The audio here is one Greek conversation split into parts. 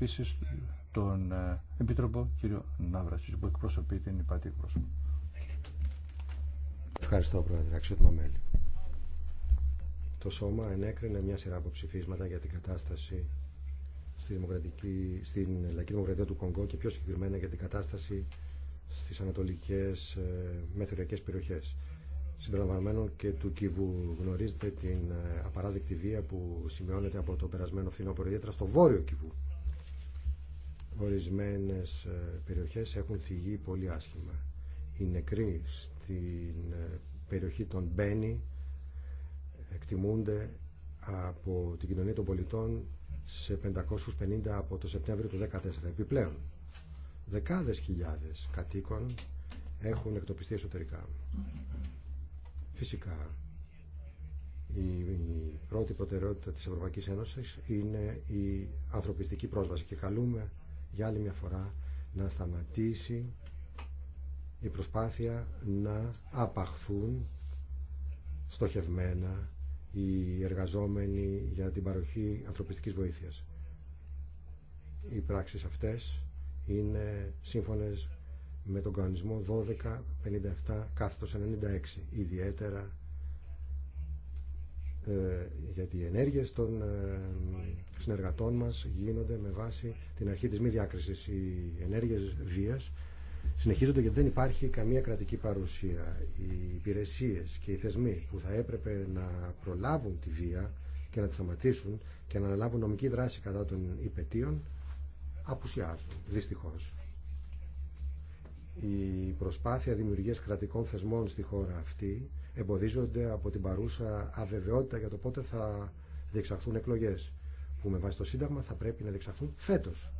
επίση τον ε, Επίτροπο κύριο Ναύρα, που εκπροσωπεί την υπάτη πρόσωπο. Ευχαριστώ Πρόεδρε, αξιότιμα μέλη. Το Σώμα ενέκρινε μια σειρά από ψηφίσματα για την κατάσταση στη δημοκρατική, στην Λαϊκή Δημοκρατία του Κονγκό και πιο συγκεκριμένα για την κατάσταση στις ανατολικές ε, μεθοριακές περιοχέ. συμπεριλαμβανομένων και του Κιβού. Γνωρίζετε την ε, απαράδεκτη βία που σημειώνεται από το περασμένο φθινόπωρο, ιδιαίτερα στο βόρειο Κιβού. Ορισμένες ε, περιοχές έχουν θυγεί πολύ άσχημα. Οι νεκροί στην ε, περιοχή των Μπένι εκτιμούνται από την κοινωνία των πολιτών σε 550 από το Σεπτέμβριο του 2014. Επιπλέον, δεκάδες χιλιάδες κατοίκων έχουν εκτοπιστεί εσωτερικά. Φυσικά, η πρώτη προτεραιότητα της Ευρωπαϊκής Ένωσης είναι η ανθρωπιστική πρόσβαση και καλούμε για άλλη μια φορά να σταματήσει η προσπάθεια να απαχθούν στοχευμένα οι εργαζόμενοι για την παροχή ανθρωπιστικής βοήθειας. Οι πράξεις αυτές είναι σύμφωνες με τον κανονισμό 1257 κάθετος 96, ιδιαίτερα ε, γιατί οι ενέργειες των ε, συνεργατών μας γίνονται με βάση την αρχή της μη διάκριση. Οι ενέργειες βίας συνεχίζονται γιατί δεν υπάρχει καμία κρατική παρουσία. Οι υπηρεσίε και οι θεσμοί που θα έπρεπε να προλάβουν τη βία και να τη σταματήσουν και να αναλάβουν νομική δράση κατά των υπετίων απουσιάζουν, δυστυχώ. Η προσπάθεια δημιουργία κρατικών θεσμών στη χώρα αυτή εμποδίζονται από την παρούσα αβεβαιότητα για το πότε θα διεξαχθούν εκλογές που με βάση το Σύνταγμα θα πρέπει να διεξαχθούν φέτος.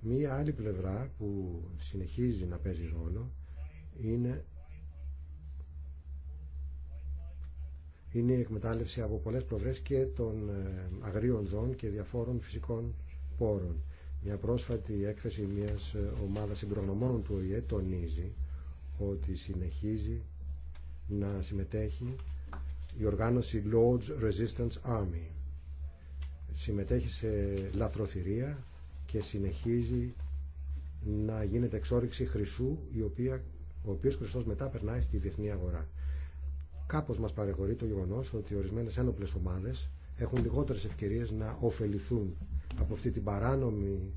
Μία άλλη πλευρά που συνεχίζει να παίζει ρόλο είναι, είναι η εκμετάλλευση από πολλέ πλευρέ και των ε, αγρίων ζώων και διαφόρων φυσικών πόρων. Μια πρόσφατη έκθεση μιας ε, ομάδας συμπρογνωμόνων του ΟΗΕ τονίζει ότι συνεχίζει να συμμετέχει η οργάνωση Lord's Resistance Army. Συμμετέχει σε λαθροθυρία και συνεχίζει να γίνεται εξόριξη χρυσού, η οποία, ο οποίος χρυσό μετά περνάει στη διεθνή αγορά. Κάπως μας παρεχωρεί το γεγονός ότι ορισμένες ένοπλες ομάδες έχουν λιγότερες ευκαιρίες να ωφεληθούν από αυτή την παράνομη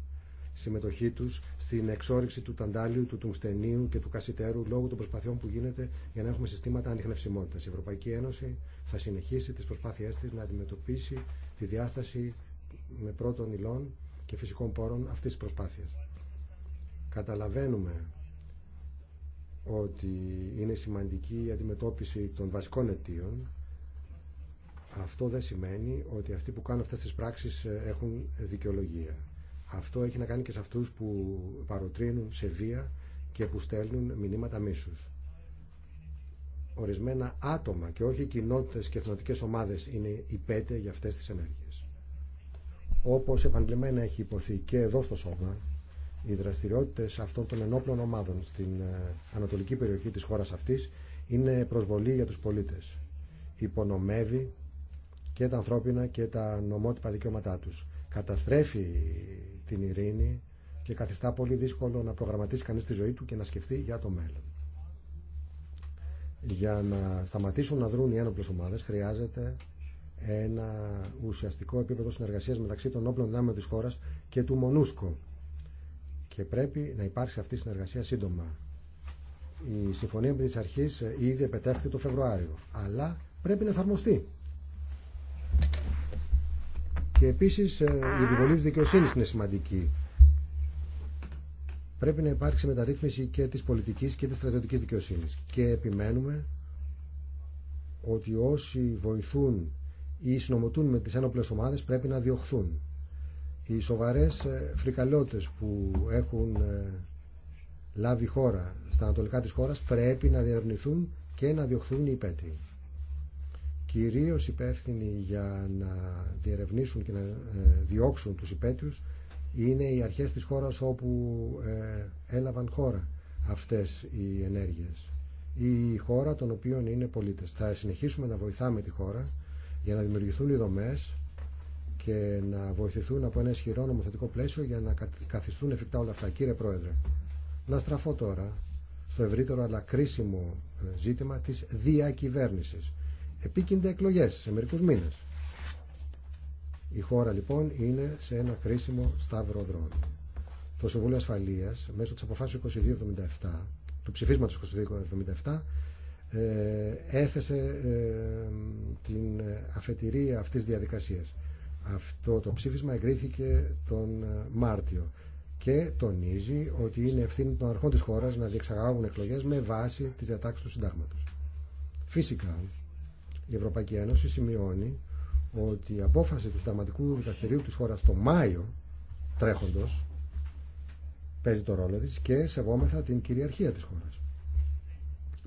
συμμετοχή τους στην εξόρυξη του ταντάλιου, του τουμστενίου και του κασιτέρου λόγω των προσπαθειών που γίνεται για να έχουμε συστήματα ανιχνευσιμότητας. Η Ευρωπαϊκή Ένωση θα συνεχίσει τις προσπάθειές της να αντιμετωπίσει τη διάσταση με πρώτων υλών και φυσικών πόρων αυτής της προσπάθειας. Καταλαβαίνουμε ότι είναι σημαντική η αντιμετώπιση των βασικών αιτίων αυτό δεν σημαίνει ότι αυτοί που κάνουν αυτές τις πράξεις έχουν δικαιολογία. Αυτό έχει να κάνει και σε αυτούς που παροτρύνουν σε βία και που στέλνουν μηνύματα μίσους. Ορισμένα άτομα και όχι κοινότητε και εθνοτικέ ομάδε είναι πέντε για αυτέ τι ενέργειες. Όπως επανειλημμένα έχει υποθεί και εδώ στο σώμα, οι δραστηριότητε αυτών των ενόπλων ομάδων στην ε, ανατολική περιοχή της χώρα αυτής είναι προσβολή για τους πολίτε. Υπονομεύει και τα ανθρώπινα και τα νομότυπα δικαιώματά τους. Καταστρέφει την ειρήνη και καθιστά πολύ δύσκολο να προγραμματίσει κανείς τη ζωή του και να σκεφτεί για το μέλλον. Για να σταματήσουν να δρούν οι ένοπλες ομάδες χρειάζεται ένα ουσιαστικό επίπεδο συνεργασίας μεταξύ των όπλων δυνάμεων της χώρας και του Μονούσκο. Και πρέπει να υπάρξει αυτή η συνεργασία σύντομα. Η συμφωνία με της αρχής ήδη επετέφθη το Φεβρουάριο, αλλά πρέπει να εφαρμοστεί. Και επίση, ε, η επιβολή τη δικαιοσύνη είναι σημαντική. Πρέπει να υπάρξει μεταρρύθμιση και της πολιτικής και της στρατιωτικής δικαιοσύνη. Και επιμένουμε ότι όσοι βοηθούν ή συνομωτούν με τις ένοπλες ομάδες πρέπει να διωχθούν. Οι σοβαρέ ε, φρικαλότες που έχουν ε, λάβει χώρα στα ανατολικά της χώρας πρέπει να διερευνηθούν και να διωχθούν οι κυρίως υπεύθυνοι για να διερευνήσουν και να ε, διώξουν τους υπέτειους είναι οι αρχές της χώρας όπου ε, έλαβαν χώρα αυτές οι ενέργειες η χώρα των οποίων είναι πολίτες. Θα συνεχίσουμε να βοηθάμε τη χώρα για να δημιουργηθούν οι δομές και να βοηθηθούν από ένα ισχυρό νομοθετικό πλαίσιο για να καθιστούν εφικτά όλα αυτά. Κύριε Πρόεδρε, να στραφώ τώρα στο ευρύτερο αλλά κρίσιμο ε, ζήτημα της διακυβέρνησης επίκυνται εκλογές σε μερικούς μήνες. Η χώρα λοιπόν είναι σε ένα κρίσιμο σταύρο δρόμο. Το Συμβούλιο Ασφαλείας μέσω της αποφάσεως 2277, του ψηφίσματος 2277, ε, έθεσε ε, την αφετηρία αυτής της διαδικασίας. Αυτό το ψήφισμα εγκρίθηκε τον ε, Μάρτιο και τονίζει ότι είναι ευθύνη των αρχών της χώρας να διεξαγάγουν εκλογές με βάση τις διατάξεις του συντάγματος. Φυσικά, η Ευρωπαϊκή Ένωση σημειώνει ότι η απόφαση του Σταματικού Δικαστηρίου της χώρας το Μάιο τρέχοντος παίζει το ρόλο της και σεβόμεθα την κυριαρχία της χώρας.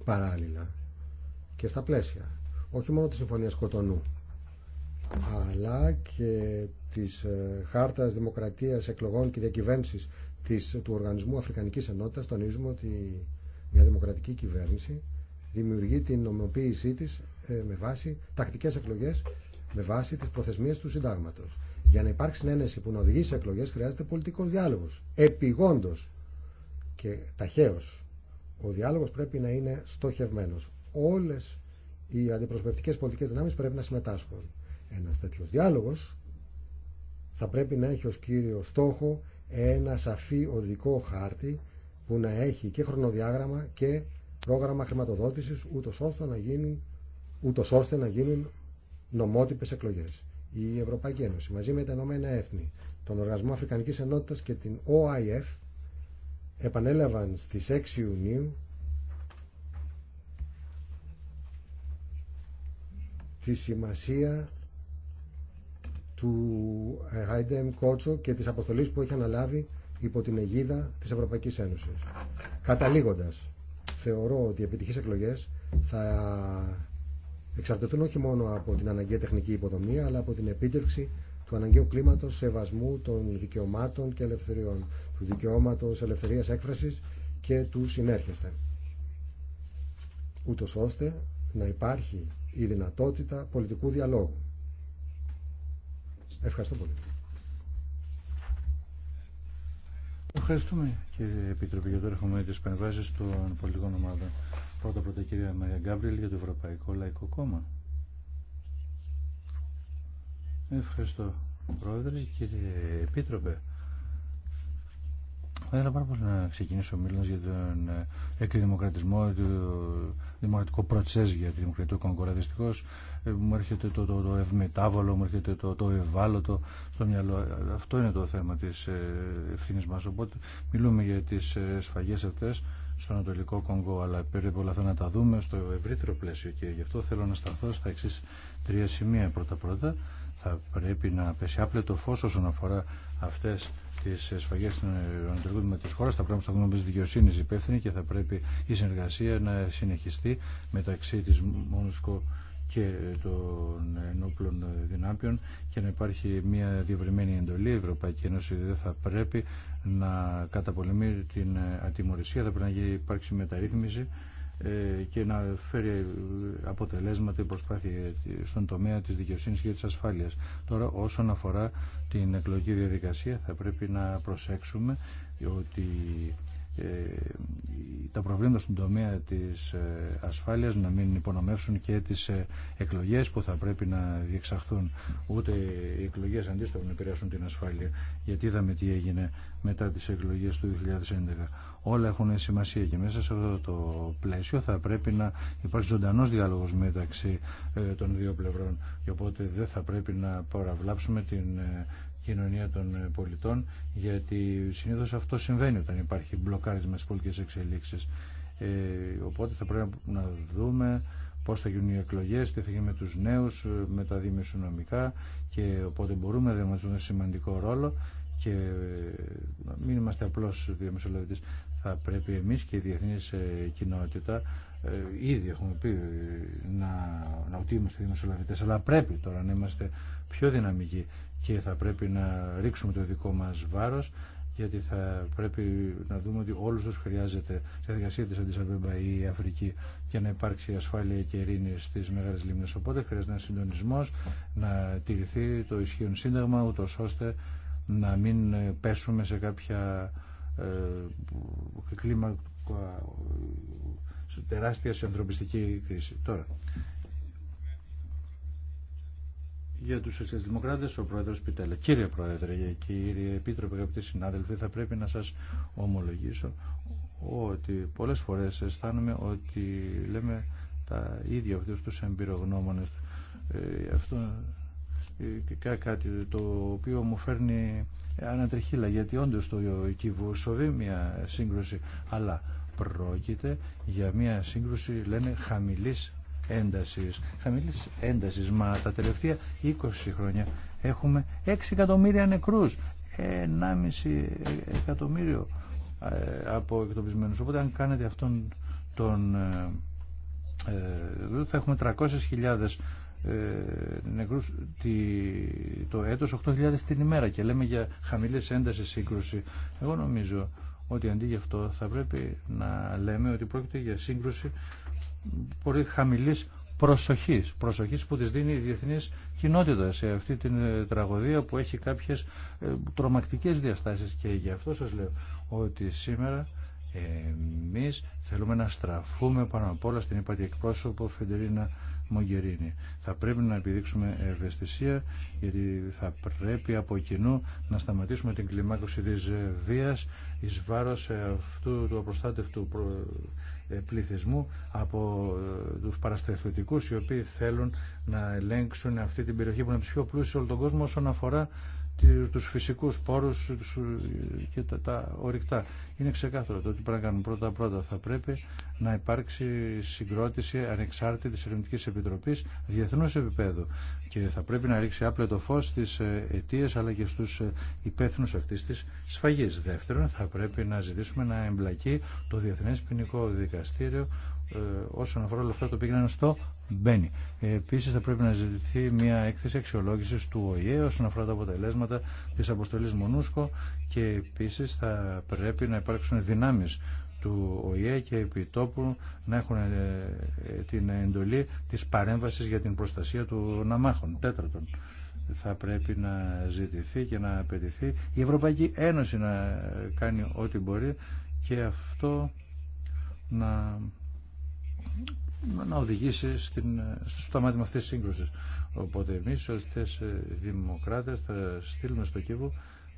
Παράλληλα και στα πλαίσια όχι μόνο της Συμφωνίας Κοτονού αλλά και της ε, Χάρτας Δημοκρατίας Εκλογών και Διακυβέρνησης της, του Οργανισμού Αφρικανικής Ενότητας τονίζουμε ότι μια δημοκρατική κυβέρνηση δημιουργεί την νομοποίησή της ε, με βάση τακτικέ εκλογέ με βάση τις προθεσμίε του συντάγματο. Για να υπάρξει συνένεση που να οδηγεί σε εκλογές χρειάζεται πολιτικό διάλογο. Επιγόντω. και ταχαίω, ο διάλογο πρέπει να είναι στοχευμένο. Όλε οι αντιπροσωπευτικέ πολιτικέ δυνάμεις πρέπει να συμμετάσχουν. Ένα τέτοιο διάλογο θα πρέπει να έχει ω κύριο στόχο ένα σαφή οδικό χάρτη που να έχει και χρονοδιάγραμμα και πρόγραμμα χρηματοδότησης ούτως ώστε να γίνουν ούτω ώστε να γίνουν νομότυπε εκλογέ. Η Ευρωπαϊκή Ένωση μαζί με τα Ηνωμένα Έθνη, τον Οργανισμό Αφρικανική Ενότητα και την OIF επανέλαβαν στι 6 Ιουνίου τη σημασία του ε, Χάιντεμ Κότσο και της αποστολής που έχει αναλάβει υπό την αιγίδα της Ευρωπαϊκής Ένωσης. Καταλήγοντας, θεωρώ ότι οι επιτυχείς εκλογές θα εξαρτητούν όχι μόνο από την αναγκαία τεχνική υποδομή, αλλά από την επίτευξη του αναγκαίου κλίματος σεβασμού των δικαιωμάτων και ελευθεριών, του δικαιώματος ελευθερίας έκφρασης και του συνέρχεστε. Ούτω ώστε να υπάρχει η δυνατότητα πολιτικού διαλόγου. Ευχαριστώ πολύ. Ευχαριστούμε κύριε Επιτροπή για το των πολιτικών ομάδων. Πρώτα πρώτα κυρία Μαρία Γκάμπριελ για το Ευρωπαϊκό Λαϊκό Κόμμα. Ευχαριστώ πρόεδρε κύριε επίτροπε. Θα ήθελα πάρα πολύ να ξεκινήσω μιλώντας για τον ε, εκδημοκρατισμό, το δημοκρατικό προτσέζ για τη Δημοκρατία του Κόγκορα. Ε, μου έρχεται το, το, το ευμετάβολο, μου έρχεται το, το ευάλωτο στο μυαλό. Αυτό είναι το θέμα της ε, ευθύνη μα. Οπότε μιλούμε για τι σφαγέ αυτέ στο Ανατολικό Κονγκό, αλλά περίπου όλα αυτά να τα δούμε στο ευρύτερο πλαίσιο και γι' αυτό θέλω να σταθώ στα εξή τρία σημεία. Πρώτα-πρώτα, θα πρέπει να πέσει άπλετο φω όσον αφορά αυτέ τι σφαγέ των Ανατολικών με τη χώρα. Θα πρέπει να σταθούμε τη δικαιοσύνη υπεύθυνη και θα πρέπει η συνεργασία να συνεχιστεί μεταξύ τη Μόνουσκο και των ενόπλων δυνάμεων και να υπάρχει μια διευρυμένη εντολή. Ευρωπαϊκή Ένωση δεν θα πρέπει να καταπολεμεί την ατιμορρησία, θα πρέπει να υπάρξει μεταρρύθμιση ε, και να φέρει αποτελέσματα η προσπάθεια ε, στον τομέα της δικαιοσύνης και της ασφάλειας. Τώρα όσον αφορά την εκλογική διαδικασία θα πρέπει να προσέξουμε ότι τα προβλήματα στον τομέα της ε, ασφάλειας να μην υπονομεύσουν και τις ε, εκλογές που θα πρέπει να διεξαχθούν. Ούτε οι εκλογές αντίστοιχα να επηρεάσουν την ασφάλεια. Γιατί είδαμε τι έγινε μετά τις εκλογές του 2011. Όλα έχουν σημασία και μέσα σε αυτό το πλαίσιο θα πρέπει να υπάρχει ζωντανό διάλογος μεταξύ ε, των δύο πλευρών. Και οπότε δεν θα πρέπει να παραβλάψουμε την κοινωνία των ε, πολιτών, γιατί συνήθως αυτό συμβαίνει όταν υπάρχει μπλοκάρισμα στις πολιτικές εξελίξεις. Ε, οπότε θα πρέπει να δούμε πώς θα γίνουν οι εκλογές, τι θα γίνει με τους νέους, ε, με τα δημοσιονομικά και οπότε μπορούμε να διαμαζούμε σημαντικό ρόλο και ε, μην είμαστε απλώς διαμεσολαβητές. Θα πρέπει εμείς και η διεθνής κοινότητα ήδη έχουμε πει να, να ότι είμαστε δημοσιολαβητές αλλά πρέπει τώρα να είμαστε πιο δυναμικοί και θα πρέπει να ρίξουμε το δικό μας βάρος γιατί θα πρέπει να δούμε ότι όλους τους χρειάζεται σε διαδικασία της Αντισαβέμπα ή η Αφρική και να υπάρξει ασφάλεια και ειρήνη στις μεγάλες λίμνες. Οπότε χρειάζεται ένα συντονισμός να τηρηθεί το ισχύον σύνταγμα ούτω ώστε να μην πέσουμε σε κάποια ε, κλίμακα ε, τεράστια σε ανθρωπιστική κρίση. Τώρα, για τους σοσιαλδημοκράτες ο Πρόεδρος Πιτέλα. Κύριε Πρόεδρε και κύριε Επίτροπε, αγαπητοί συνάδελφοι, θα πρέπει να σας ομολογήσω ότι πολλές φορές αισθάνομαι ότι λέμε τα ίδια αυτούς τους εμπειρογνώμονες. Ε, αυτό ε, κάτι το οποίο μου φέρνει ανατριχίλα γιατί όντως το σοβεί μια σύγκρουση αλλά πρόκειται για μια σύγκρουση λένε χαμηλής έντασης, χαμηλής έντασης, μα τα τελευταία 20 χρόνια έχουμε 6 εκατομμύρια νεκρούς, 1,5 εκατομμύριο ε, από εκτοπισμένους. Οπότε αν κάνετε αυτόν τον... Ε, ε, θα έχουμε 300.000 νεκρούς το έτος 8.000 την ημέρα και λέμε για χαμηλές ένταση σύγκρουση. Εγώ νομίζω ότι αντί γι' αυτό θα πρέπει να λέμε ότι πρόκειται για σύγκρουση πολύ χαμηλής προσοχής, προσοχής που της δίνει η διεθνής κοινότητα σε αυτή την ε, τραγωδία που έχει κάποιες ε, τρομακτικές διαστάσεις και γι' αυτό σας λέω ότι σήμερα εμείς θέλουμε να στραφούμε πάνω απ' όλα στην υπάτη εκπρόσωπο Φεντερίνα Μογκερίνη. Θα πρέπει να επιδείξουμε ευαισθησία γιατί θα πρέπει από κοινού να σταματήσουμε την κλιμάκωση της βίας εις βάρος ε, αυτού του απροστάτευτου ε, πληθυσμού από ε, τους παραστατιωτικούς οι οποίοι θέλουν να ελέγξουν αυτή την περιοχή που είναι από τις πιο όλο τον κόσμο όσον αφορά τους φυσικούς πόρους και τα, τα ορυκτά. Είναι ξεκάθαρο το ότι πρέπει να κάνουμε πρώτα-πρώτα. Θα πρέπει να υπάρξει συγκρότηση ανεξάρτητης Ελληνικής Επιτροπής διεθνούς επίπεδου και θα πρέπει να ρίξει άπλετο φως στις ε, αιτίες αλλά και στους ε, υπεύθυνους αυτής της σφαγής. Δεύτερον, θα πρέπει να ζητήσουμε να εμπλακεί το Διεθνές Ποινικό Δικαστήριο ε, όσον αφορά όλα αυτά το πήγαιναν στο Μπένι. Επίση, θα πρέπει να ζητηθεί μια έκθεση αξιολόγηση του ΟΗΕ όσον αφορά τα αποτελέσματα τη αποστολή Μονούσκο και επίση θα πρέπει να υπάρξουν δυνάμει του ΟΗΕ και επιτόπου να έχουν ε, την εντολή της παρέμβασης για την προστασία του ναμάχων. Τέταρτον, θα πρέπει να ζητηθεί και να απαιτηθεί η Ευρωπαϊκή Ένωση να κάνει ό,τι μπορεί και αυτό να να οδηγήσει στην, στο σταμάτημα αυτή τη σύγκρουση. Οπότε εμεί ω δημοκράτε, δημοκράτες θα στείλουμε στο Κύβο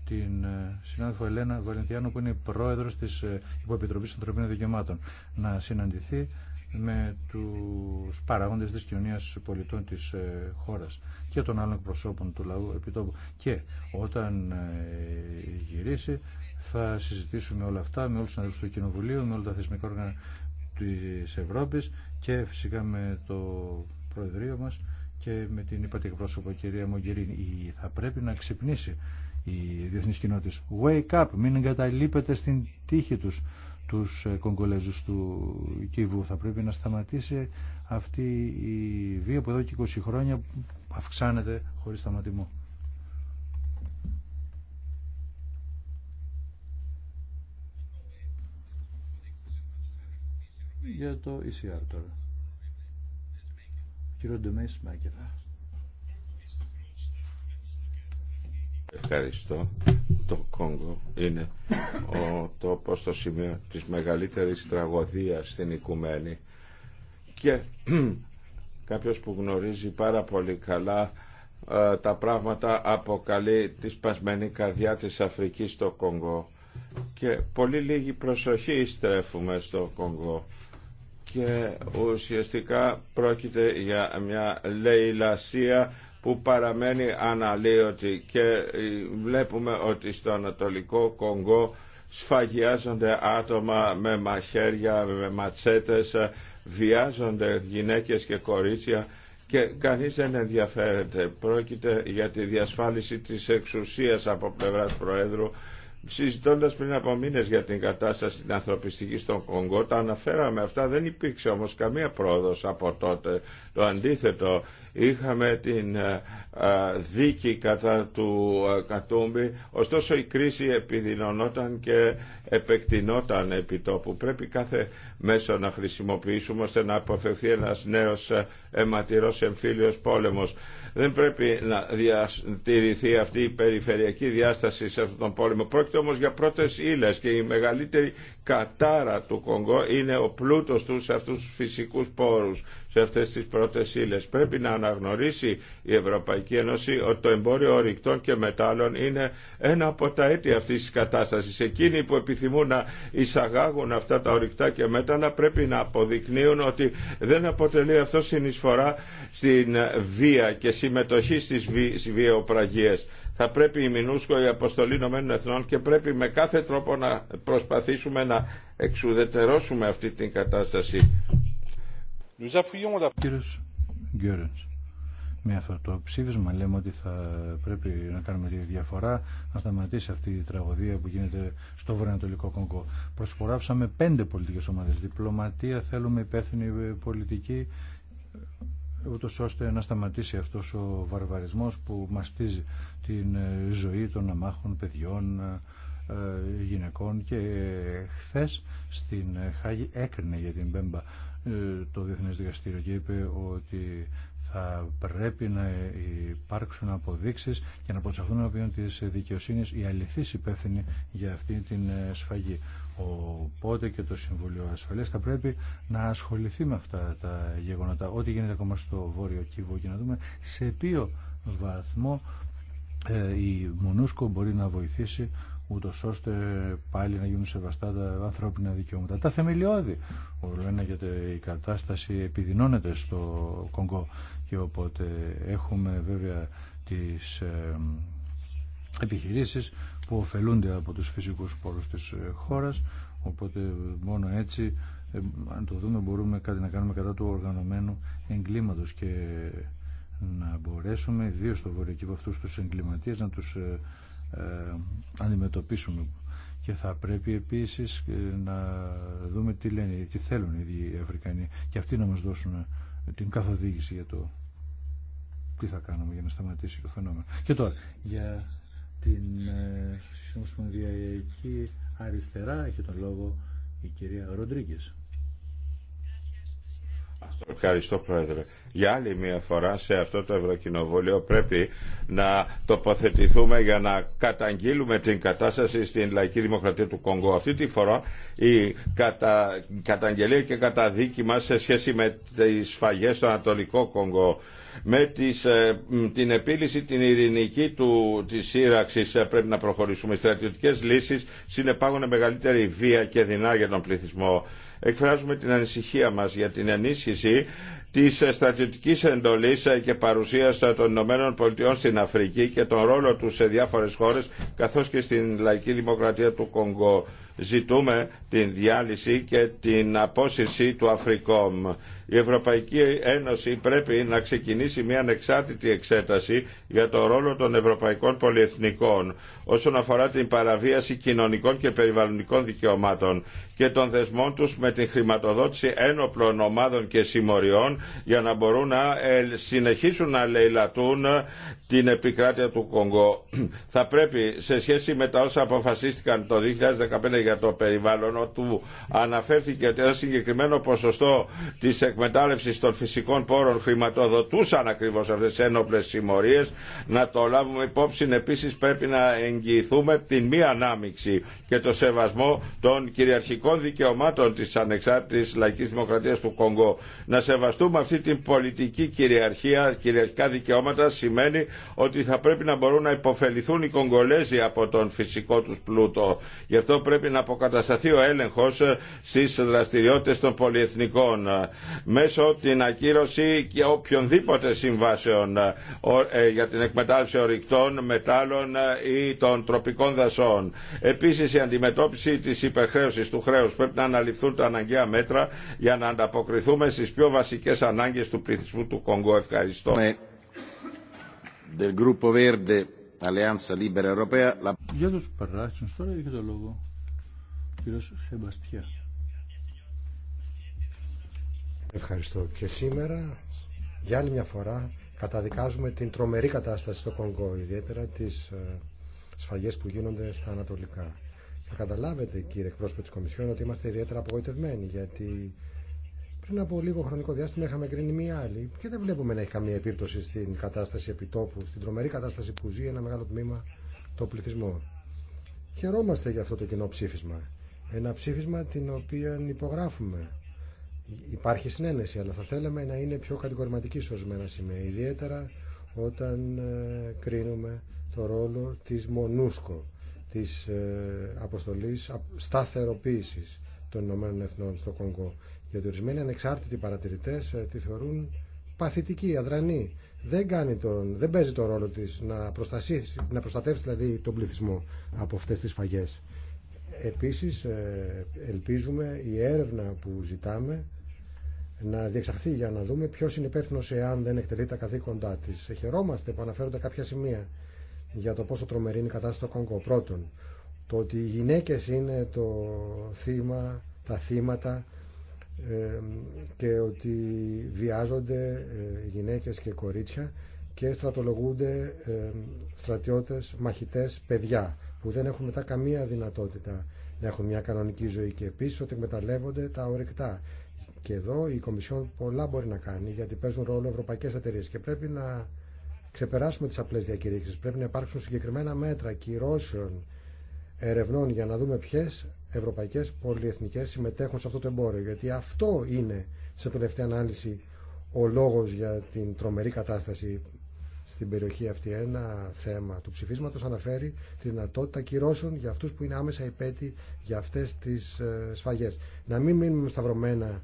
την ε, συνάδελφο Ελένα Βαλεντιάνο που είναι πρόεδρο τη ε, Υποεπιτροπή Ανθρωπίνων Δικαιωμάτων να συναντηθεί με του παράγοντε τη κοινωνία πολιτών τη ε, χώρα και των άλλων προσώπων του λαού επιτόπου. Και όταν γυρίσει θα συζητήσουμε όλα αυτά με όλου του συναδέλφους του Κοινοβουλίου, με όλα τα θεσμικά όργανα της Ευρώπης και φυσικά με το Προεδρείο μας και με την είπατε εκπρόσωπο κυρία Μογκερίνη. Θα πρέπει να ξυπνήσει η διεθνής κοινότητα. Wake up, μην εγκαταλείπετε στην τύχη τους τους ε, Κογκολέζους του Κίβου. Θα πρέπει να σταματήσει αυτή η βία που εδώ και 20 χρόνια αυξάνεται χωρίς σταματημό. για το ECR τώρα. Κύριο Μάκερα. Ευχαριστώ. Το Κόγκο είναι ο τόπος, το σημείο της μεγαλύτερης τραγωδίας στην οικουμένη και κάποιος που γνωρίζει πάρα πολύ καλά ε, τα πράγματα αποκαλεί τη σπασμένη καρδιά της Αφρικής στο Κόγκο και πολύ λίγη προσοχή στρέφουμε στο Κόγκο και ουσιαστικά πρόκειται για μια λαιλασία που παραμένει αναλύωτη και ε, βλέπουμε ότι στο Ανατολικό Κονγκό σφαγιάζονται άτομα με μαχαίρια, με ματσέτες, ε, βιάζονται γυναίκες και κορίτσια και κανείς δεν ενδιαφέρεται. Πρόκειται για τη διασφάλιση της εξουσίας από πλευράς Προέδρου Συζητώντα πριν από μήνε για την κατάσταση την ανθρωπιστική στον Κονγκό, τα αναφέραμε αυτά, δεν υπήρξε όμω καμία πρόοδο από τότε. Το αντίθετο, είχαμε την ε, ε, δίκη κατά του ε, Κατούμπη, ωστόσο η κρίση επιδεινωνόταν και επεκτηνόταν επί τόπου. Πρέπει κάθε μέσω να χρησιμοποιήσουμε ώστε να αποφευθεί ένας νέος ε, αιματηρός εμφύλιος πόλεμος. Δεν πρέπει να διατηρηθεί αυτή η περιφερειακή διάσταση σε αυτόν τον πόλεμο. Πρόκειται όμως για πρώτες ύλες και η μεγαλύτερη κατάρα του Κονγκό είναι ο πλούτος του σε αυτούς τους φυσικούς πόρους σε αυτές τις πρώτες ύλε. Πρέπει να αναγνωρίσει η Ευρωπαϊκή Ένωση ότι το εμπόριο ορυκτών και μετάλλων είναι ένα από τα αίτια αυτής της κατάστασης. Εκείνοι που επιθυμούν να εισαγάγουν αυτά τα ορυκτά και μέταλλα πρέπει να αποδεικνύουν ότι δεν αποτελεί αυτό συνεισφορά στην βία και συμμετοχή στις βιοπραγίες θα πρέπει η Μινούσκο η Αποστολή Ηνωμένων Εθνών και πρέπει με κάθε τρόπο να προσπαθήσουμε να εξουδετερώσουμε αυτή την κατάσταση. Κύριος Γκέρενς, με αυτό το ψήφισμα λέμε ότι θα πρέπει να κάνουμε τη διαφορά, να σταματήσει αυτή η τραγωδία που γίνεται στο βορειοανατολικό Κονγκό. Προσφοράψαμε πέντε πολιτικές ομάδες. Διπλωματία θέλουμε, υπεύθυνη πολιτική, ούτω ώστε να σταματήσει αυτό ο βαρβαρισμός που μαστίζει την ζωή των αμάχων παιδιών, ε, γυναικών και χθε στην Χάγη έκρινε για την Πέμπα ε, το Διεθνές Δικαστήριο και είπε ότι θα πρέπει να υπάρξουν αποδείξεις και να να ενώπιον της δικαιοσύνης οι αληθείς υπεύθυνοι για αυτή την ε, σφαγή. Οπότε και το Συμβουλίο Ασφαλείας θα πρέπει να ασχοληθεί με αυτά τα γεγονότα. Ό,τι γίνεται ακόμα στο Βόρειο Κύβο και να δούμε σε ποιο βαθμό η Μονούσκο μπορεί να βοηθήσει ούτω ώστε πάλι να γίνουν σεβαστά τα ανθρώπινα δικαιώματα. Τα θεμελιώδη. Ολοένα γιατί η κατάσταση επιδεινώνεται στο Κονγκό και οπότε έχουμε βέβαια τις ε, επιχειρήσεις που ωφελούνται από τους φυσικούς πόρους της ε, χώρας οπότε μόνο έτσι ε, αν το δούμε μπορούμε κάτι να κάνουμε κατά του οργανωμένου εγκλήματος και να μπορέσουμε ιδίω στο βορειακή αυτούς τους να τους ε, αντιμετωπίσουμε και θα πρέπει επίσης ε, να δούμε τι λένε, τι θέλουν οι οι Αφρικανοί και αυτοί να μας δώσουν ε, την καθοδήγηση για το τι θα κάνουμε για να σταματήσει το φαινόμενο. Και τώρα, για την Συνομοσπονδιακή Αριστερά έχει τον λόγο η κυρία Ροντρίγκης. Ευχαριστώ Πρόεδρε. Για άλλη μια φορά σε αυτό το Ευρωκοινοβούλιο πρέπει να τοποθετηθούμε για να καταγγείλουμε την κατάσταση στην Λαϊκή Δημοκρατία του Κονγκό. Αυτή τη φορά η κατα... καταγγελία και καταδίκη μας σε σχέση με τις σφαγές στο Ανατολικό Κονγκό με τις, ε, την επίλυση την ειρηνική του, της σύραξης ε, πρέπει να προχωρήσουμε. Οι στρατιωτικές λύσεις συνεπάγουν μεγαλύτερη βία και δεινά για τον πληθυσμό εκφράζουμε την ανησυχία μας για την ενίσχυση της στρατιωτικής εντολής και παρουσία των Ηνωμένων Πολιτειών στην Αφρική και τον ρόλο του σε διάφορες χώρες καθώς και στην λαϊκή δημοκρατία του Κονγκό. Ζητούμε την διάλυση και την απόσυρση του Αφρικόμ η Ευρωπαϊκή Ένωση πρέπει να ξεκινήσει μια ανεξάρτητη εξέταση για το ρόλο των ευρωπαϊκών πολυεθνικών όσον αφορά την παραβίαση κοινωνικών και περιβαλλοντικών δικαιωμάτων και των δεσμών τους με την χρηματοδότηση ένοπλων ομάδων και συμμοριών για να μπορούν να ε, συνεχίσουν να λαιλατούν την επικράτεια του Κονγκό. Θα πρέπει σε σχέση με τα όσα αποφασίστηκαν το 2015 για το περιβάλλον, όπου αναφέρθηκε ότι ένα συγκεκριμένο ποσοστό της εκ των φυσικών πόρων χρηματοδοτούσαν ακριβώς αυτέ τι ένοπλες συμμορίες. Να το λάβουμε υπόψη επίση πρέπει να εγγυηθούμε την μη ανάμειξη και το σεβασμό των κυριαρχικών δικαιωμάτων τη ανεξάρτητης Λαική Δημοκρατία του Κονγκό. Να σεβαστούμε αυτή την πολιτική κυριαρχία, κυριαρχικά δικαιώματα σημαίνει ότι θα πρέπει να μπορούν να υποφεληθούν οι Κονγκολέζοι από τον φυσικό του πλούτο. Γι' αυτό πρέπει να αποκατασταθεί ο έλεγχο ε, στι δραστηριότητε των πολιεθνικών μέσω την ακύρωση και οποιονδήποτε συμβάσεων ε, ε, για την εκμετάλλευση ορυκτών, μετάλλων ε, ή των τροπικών δασών. Επίσης η αντιμετώπιση της υπερχρέωσης του χρέους πρέπει να αναλυθούν τα αναγκαία μέτρα για να ανταποκριθούμε στις πιο βασικές ανάγκες του πληθυσμού του Κονγκό. Ευχαριστώ. Για τους Ευχαριστώ. Και σήμερα, για άλλη μια φορά, καταδικάζουμε την τρομερή κατάσταση στο Κονγκό, ιδιαίτερα τις ε, σφαγές που γίνονται στα Ανατολικά. Θα καταλάβετε, κύριε εκπρόσωπο τη Κομισιόν, ότι είμαστε ιδιαίτερα απογοητευμένοι, γιατί πριν από λίγο χρονικό διάστημα είχαμε κρίνει μία άλλη και δεν βλέπουμε να έχει καμία επίπτωση στην κατάσταση επιτόπου, στην τρομερή κατάσταση που ζει ένα μεγάλο τμήμα το πληθυσμό. Χαιρόμαστε για αυτό το κοινό ψήφισμα. Ένα ψήφισμα την οποία υπογράφουμε Υπάρχει συνένεση, αλλά θα θέλαμε να είναι πιο κατηγορηματική σε ορισμένα σημεία, ιδιαίτερα όταν ε, κρίνουμε το ρόλο της Μονούσκο, της ε, αποστολής σταθεροποίησης των Ηνωμένων Εθνών στο Κονγκό. Γιατί ορισμένοι ανεξάρτητοι παρατηρητές ε, τη θεωρούν παθητική, αδρανή. Δεν, κάνει τον, δεν παίζει το ρόλο της να, να προστατεύσει δηλαδή, τον πληθυσμό από αυτές τις φαγές. Επίσης ε, ελπίζουμε η έρευνα που ζητάμε να διεξαχθεί για να δούμε ποιο είναι υπεύθυνο εάν δεν εκτελεί τα καθήκοντά τη ε, Χαιρόμαστε που αναφέρονται κάποια σημεία για το πόσο τρομερή είναι η κατάσταση στο Κονγκό. Πρώτον, το ότι οι γυναίκες είναι το θύμα, τα θύματα ε, και ότι βιάζονται ε, γυναίκες και κορίτσια και στρατολογούνται ε, στρατιώτες, μαχητές, παιδιά που δεν έχουν μετά καμία δυνατότητα να έχουν μια κανονική ζωή και επίσης ότι εκμεταλλεύονται τα ορεικτά. Και εδώ η Κομισιόν πολλά μπορεί να κάνει γιατί παίζουν ρόλο ευρωπαϊκέ εταιρείε. και πρέπει να ξεπεράσουμε τι απλέ διακηρύξεις. Πρέπει να υπάρξουν συγκεκριμένα μέτρα κυρώσεων ερευνών για να δούμε ποιε ευρωπαϊκές πολυεθνικές συμμετέχουν σε αυτό το εμπόριο. Γιατί αυτό είναι σε τελευταία ανάλυση ο λόγο για την τρομερή κατάσταση στην περιοχή αυτή. Ένα θέμα του ψηφίσματος αναφέρει τη δυνατότητα κυρώσεων για αυτούς που είναι άμεσα υπέτη για αυτές τις ε, σφαγέ. Να μην μείνουμε σταυρωμένα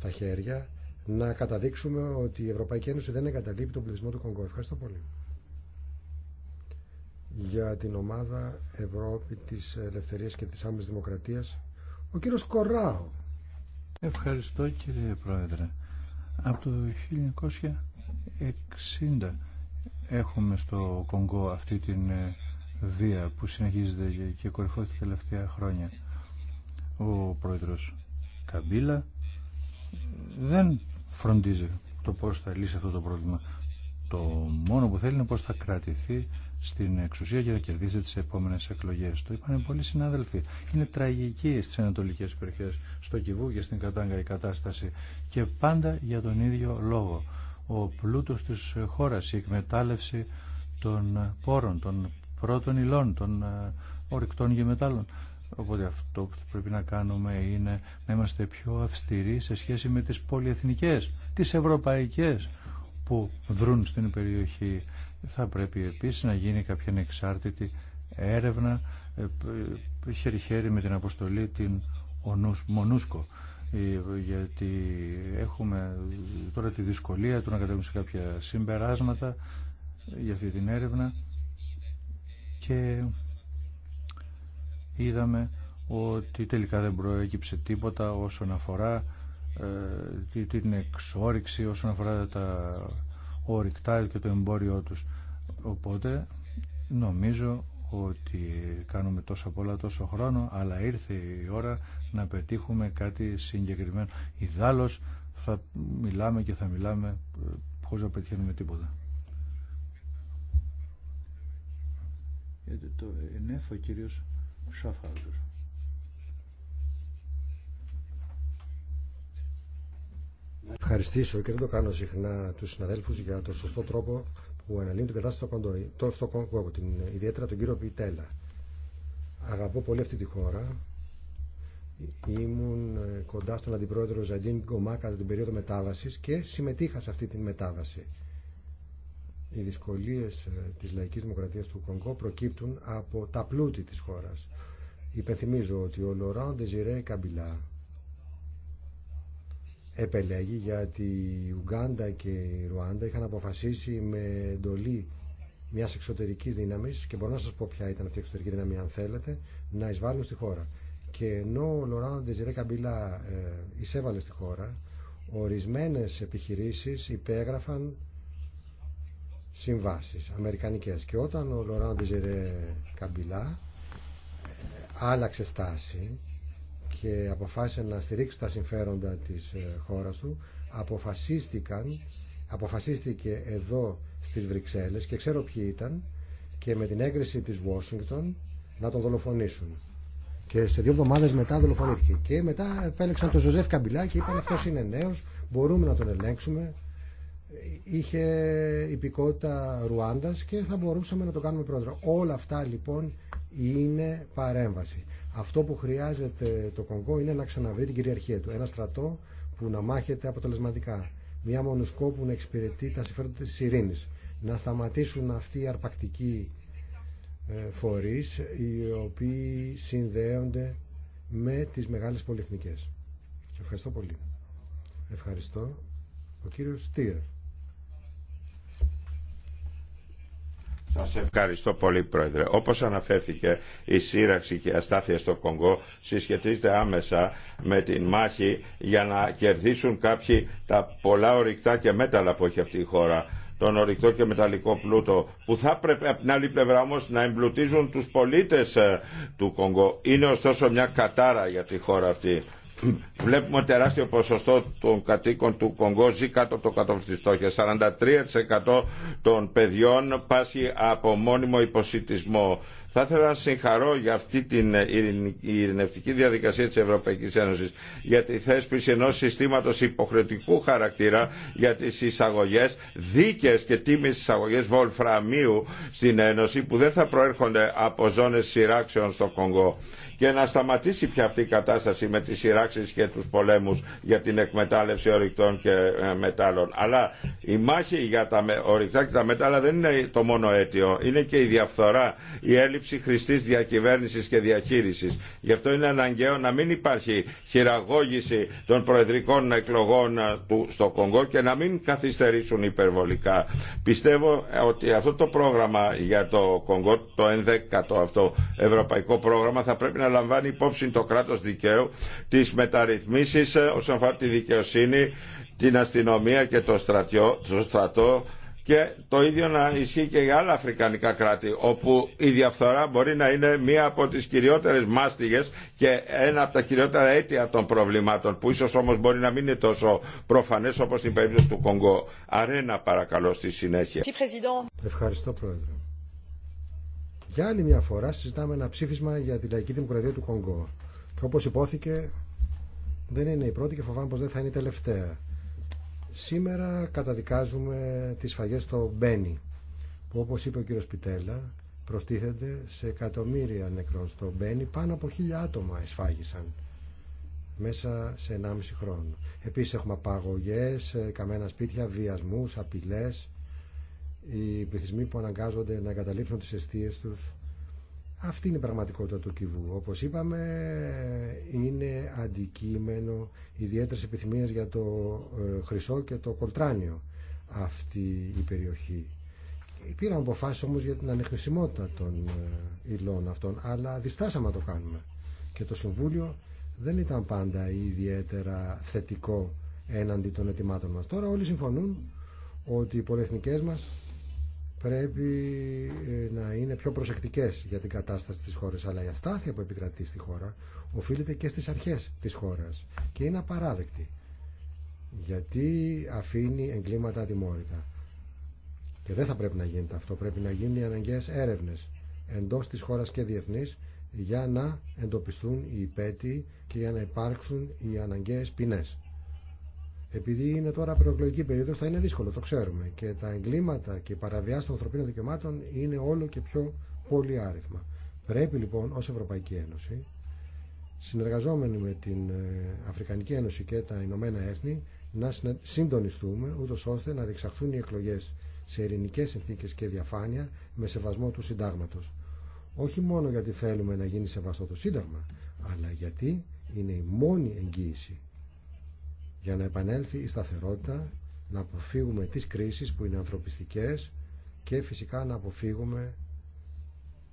τα χέρια, να καταδείξουμε ότι η Ευρωπαϊκή Ένωση δεν εγκαταλείπει τον πληθυσμό του Κονγκό. Ευχαριστώ πολύ. Για την ομάδα Ευρώπη της Ελευθερίας και της Άμεσης Δημοκρατίας, ο κύριος Κοράου. Ευχαριστώ κύριε Πρόεδρε. Από το 1960 έχουμε στο Κονγκό αυτή την ε, βία που συνεχίζεται και κορυφώθηκε τα τελευταία χρόνια. Ο πρόεδρος Καμπίλα ε, δεν φροντίζει το πώς θα λύσει αυτό το πρόβλημα. Το μόνο που θέλει είναι πώς θα κρατηθεί στην εξουσία για να κερδίσει τις επόμενες εκλογές. Το είπαν πολλοί συνάδελφοι. Είναι τραγική στις ανατολικές περιοχές, στο Κιβού και στην Κατάγκα η κατάσταση και πάντα για τον ίδιο λόγο ο πλούτος της χώρας, η εκμετάλλευση των πόρων, των πρώτων υλών, των ε, ορυκτών γεμετάλλων. Οπότε αυτό που πρέπει να κάνουμε είναι να είμαστε πιο αυστηροί σε σχέση με τις πολυεθνικές, τις ευρωπαϊκές που βρουν στην περιοχή. Θα πρέπει επίσης να γίνει κάποια ανεξάρτητη έρευνα ε, ε, χέρι-χέρι με την αποστολή την Μονούσκο. Ε, γιατί έχουμε τώρα τη δυσκολία του να κατέβουμε σε κάποια συμπεράσματα για αυτή την έρευνα και είδαμε ότι τελικά δεν προέκυψε τίποτα όσον αφορά ε, την εξόριξη, όσον αφορά τα ορυκτά και το εμπόριό τους. Οπότε νομίζω ότι κάνουμε τόσο πολλά τόσο χρόνο, αλλά ήρθε η ώρα να πετύχουμε κάτι συγκεκριμένο. Ιδάλλως θα μιλάμε και θα μιλάμε ε, χωρίς να πετυχαίνουμε τίποτα. Γιατί το ο ευχαριστήσω και δεν το κάνω συχνά τους συναδέλφους για το σωστό τρόπο που αναλύνει την κατάσταση στο, στο Κονγκό, την, ε, ιδιαίτερα τον κύριο Πιτέλα. Αγαπώ πολύ αυτή τη χώρα. Ήμουν ε, κοντά στον αντιπρόεδρο Ζαντίν Γκομά κατά την περίοδο μετάβαση και συμμετείχα σε αυτή τη μετάβαση. Οι δυσκολίε ε, τη Λαϊκή Δημοκρατία του Κονγκό προκύπτουν από τα πλούτη τη χώρα. Υπενθυμίζω ότι ο Λοράν Ντεζιρέ Καμπιλά επελέγει γιατί η Ουγγάντα και η Ρουάντα είχαν αποφασίσει με εντολή μια εξωτερική δύναμη και μπορώ να σα πω ποια ήταν αυτή η εξωτερική δύναμη, αν θέλετε, να εισβάλλουν στη χώρα. Και ενώ ο Λοράν Ντεζιρέ Καμπίλα ε, εισέβαλε στη χώρα, ορισμένε επιχειρήσει υπέγραφαν συμβάσει αμερικανικέ. Και όταν ο Λοράν Ντεζιρέ Καμπίλα ε, άλλαξε στάση και αποφάσισε να στηρίξει τα συμφέροντα της ε, χώρας του αποφασίστηκαν αποφασίστηκε εδώ στις Βρυξέλλες και ξέρω ποιοι ήταν και με την έγκριση της Washington να τον δολοφονήσουν και σε δύο εβδομάδες μετά δολοφονήθηκε και μετά επέλεξαν τον Ζωζεφ Καμπιλά και είπαν αυτός είναι νέος μπορούμε να τον ελέγξουμε είχε υπηκότητα Ρουάντας και θα μπορούσαμε να το κάνουμε πρόεδρο όλα αυτά λοιπόν είναι παρέμβαση αυτό που χρειάζεται το Κονγκό είναι να ξαναβρει την κυριαρχία του. Ένα στρατό που να μάχεται αποτελεσματικά. Μια μονοσκόπου να εξυπηρετεί τα συμφέροντα τη ειρήνη. Να σταματήσουν αυτοί οι αρπακτικοί ε, φορεί οι οποίοι συνδέονται με τις μεγάλες πολυεθνικές. Ευχαριστώ πολύ. Ευχαριστώ. Ο κύριος Στήρ. Σας ευχαριστώ πολύ Πρόεδρε. Όπως αναφέρθηκε η σύραξη και η αστάθεια στο Κονγκό συσχετίζεται άμεσα με την μάχη για να κερδίσουν κάποιοι τα πολλά ορυκτά και μέταλλα που έχει αυτή η χώρα τον ορυκτό και μεταλλικό πλούτο που θα πρέπει από την άλλη πλευρά όμως να εμπλουτίζουν τους πολίτες ε, του Κονγκό. Είναι ωστόσο μια κατάρα για τη χώρα αυτή βλέπουμε τεράστιο ποσοστό των κατοίκων του Κονγκό ζει κάτω από το κατόφλι τη 43% των παιδιών πάσχει από μόνιμο υποσυτισμό. Θα ήθελα να συγχαρώ για αυτή την ε, ειρηνευτική διαδικασία της Ευρωπαϊκής Ένωσης για τη θέσπιση ενός συστήματος υποχρεωτικού χαρακτήρα για τις εισαγωγές δίκαιες και τίμιε εισαγωγές βολφραμίου στην Ένωση που δεν θα προέρχονται από ζώνες σειράξεων στο Κονγκό και να σταματήσει πια αυτή η κατάσταση με τις σειράξεις και τους πολέμους για την εκμετάλλευση ορυκτών και ε, μετάλλων. Αλλά η μάχη για τα ορυκτά και τα μετάλλα δεν είναι το μόνο αίτιο, είναι και η διαφθορά, η έλλειψη χρηστής διακυβέρνησης και διαχείρισης. Γι' αυτό είναι αναγκαίο να μην υπάρχει χειραγώγηση των προεδρικών εκλογών ε, του στο Κονγκό και να μην καθυστερήσουν υπερβολικά. Πιστεύω ε, ότι αυτό το πρόγραμμα για το Κονγκό, το 11ο αυτό ευρωπαϊκό πρόγραμμα, θα πρέπει να λαμβάνει υπόψη το κράτος δικαίου, τις μεταρρυθμίσεις ε, όσον αφορά τη δικαιοσύνη, την αστυνομία και το το στρατό και το ίδιο να ισχύει και για άλλα αφρικανικά κράτη, όπου η διαφθορά μπορεί να είναι μία από τις κυριότερες μάστιγες και ένα από τα κυριότερα αίτια των προβλημάτων, που ίσως όμως μπορεί να μην είναι τόσο προφανές όπως στην περίπτωση του Κονγκό. Αρένα παρακαλώ στη συνέχεια. Ευχαριστώ Πρόεδρε. Για άλλη μια φορά συζητάμε ένα ψήφισμα για τη λαϊκή δημοκρατία του Κονγκό. Και όπως υπόθηκε δεν είναι η πρώτη και φοβάμαι πως δεν θα είναι η τελευταία. Σήμερα καταδικάζουμε τις φαγές στο Μπένι, που όπως είπε ο κύριος Πιτέλα, προστίθεται σε εκατομμύρια νεκρών στο Μπένι, πάνω από χίλια άτομα εσφάγησαν μέσα σε 1,5 χρόνο. Επίσης έχουμε απαγωγές, ε, καμένα σπίτια, βιασμούς, απειλές, οι πληθυσμοί που αναγκάζονται να εγκαταλείψουν τις αιστείες τους αυτή είναι η πραγματικότητα του κυβού. Όπως είπαμε, είναι αντικείμενο ιδιαίτερη επιθυμίας για το ε, χρυσό και το κολτράνιο αυτή η περιοχή. Πήραμε αποφάσει όμω για την ανεχνησιμότητα των ε, υλών αυτών, αλλά διστάσαμε να το κάνουμε. Και το Συμβούλιο δεν ήταν πάντα ιδιαίτερα θετικό έναντι των ετοιμάτων μας. Τώρα όλοι συμφωνούν ότι οι πολυεθνικέ μα πρέπει ε, να είναι πιο προσεκτικές για την κατάσταση της χώρας. Αλλά η αστάθεια που επικρατεί στη χώρα οφείλεται και στις αρχές της χώρας και είναι απαράδεκτη γιατί αφήνει εγκλήματα ατιμόρυτα. Και δεν θα πρέπει να γίνεται αυτό. Πρέπει να γίνουν οι αναγκαίες έρευνες εντός της χώρας και διεθνής για να εντοπιστούν οι υπέτειοι και για να υπάρξουν οι αναγκαίες ποινές. Επειδή είναι τώρα προεκλογική περίοδο, θα είναι δύσκολο, το ξέρουμε. Και τα εγκλήματα και οι παραβιάση των ανθρωπίνων δικαιωμάτων είναι όλο και πιο πολύ άριθμα. Πρέπει λοιπόν ω Ευρωπαϊκή Ένωση, συνεργαζόμενοι με την ε, Αφρικανική Ένωση και τα Ηνωμένα Έθνη, να συντονιστούμε ούτω ώστε να διεξαχθούν οι εκλογέ σε ειρηνικέ συνθήκε και διαφάνεια με σεβασμό του Συντάγματο. Όχι μόνο γιατί θέλουμε να γίνει σεβαστό το Σύνταγμα, αλλά γιατί είναι η μόνη εγγύηση για να επανέλθει η σταθερότητα, να αποφύγουμε τις κρίσεις που είναι ανθρωπιστικές και φυσικά να αποφύγουμε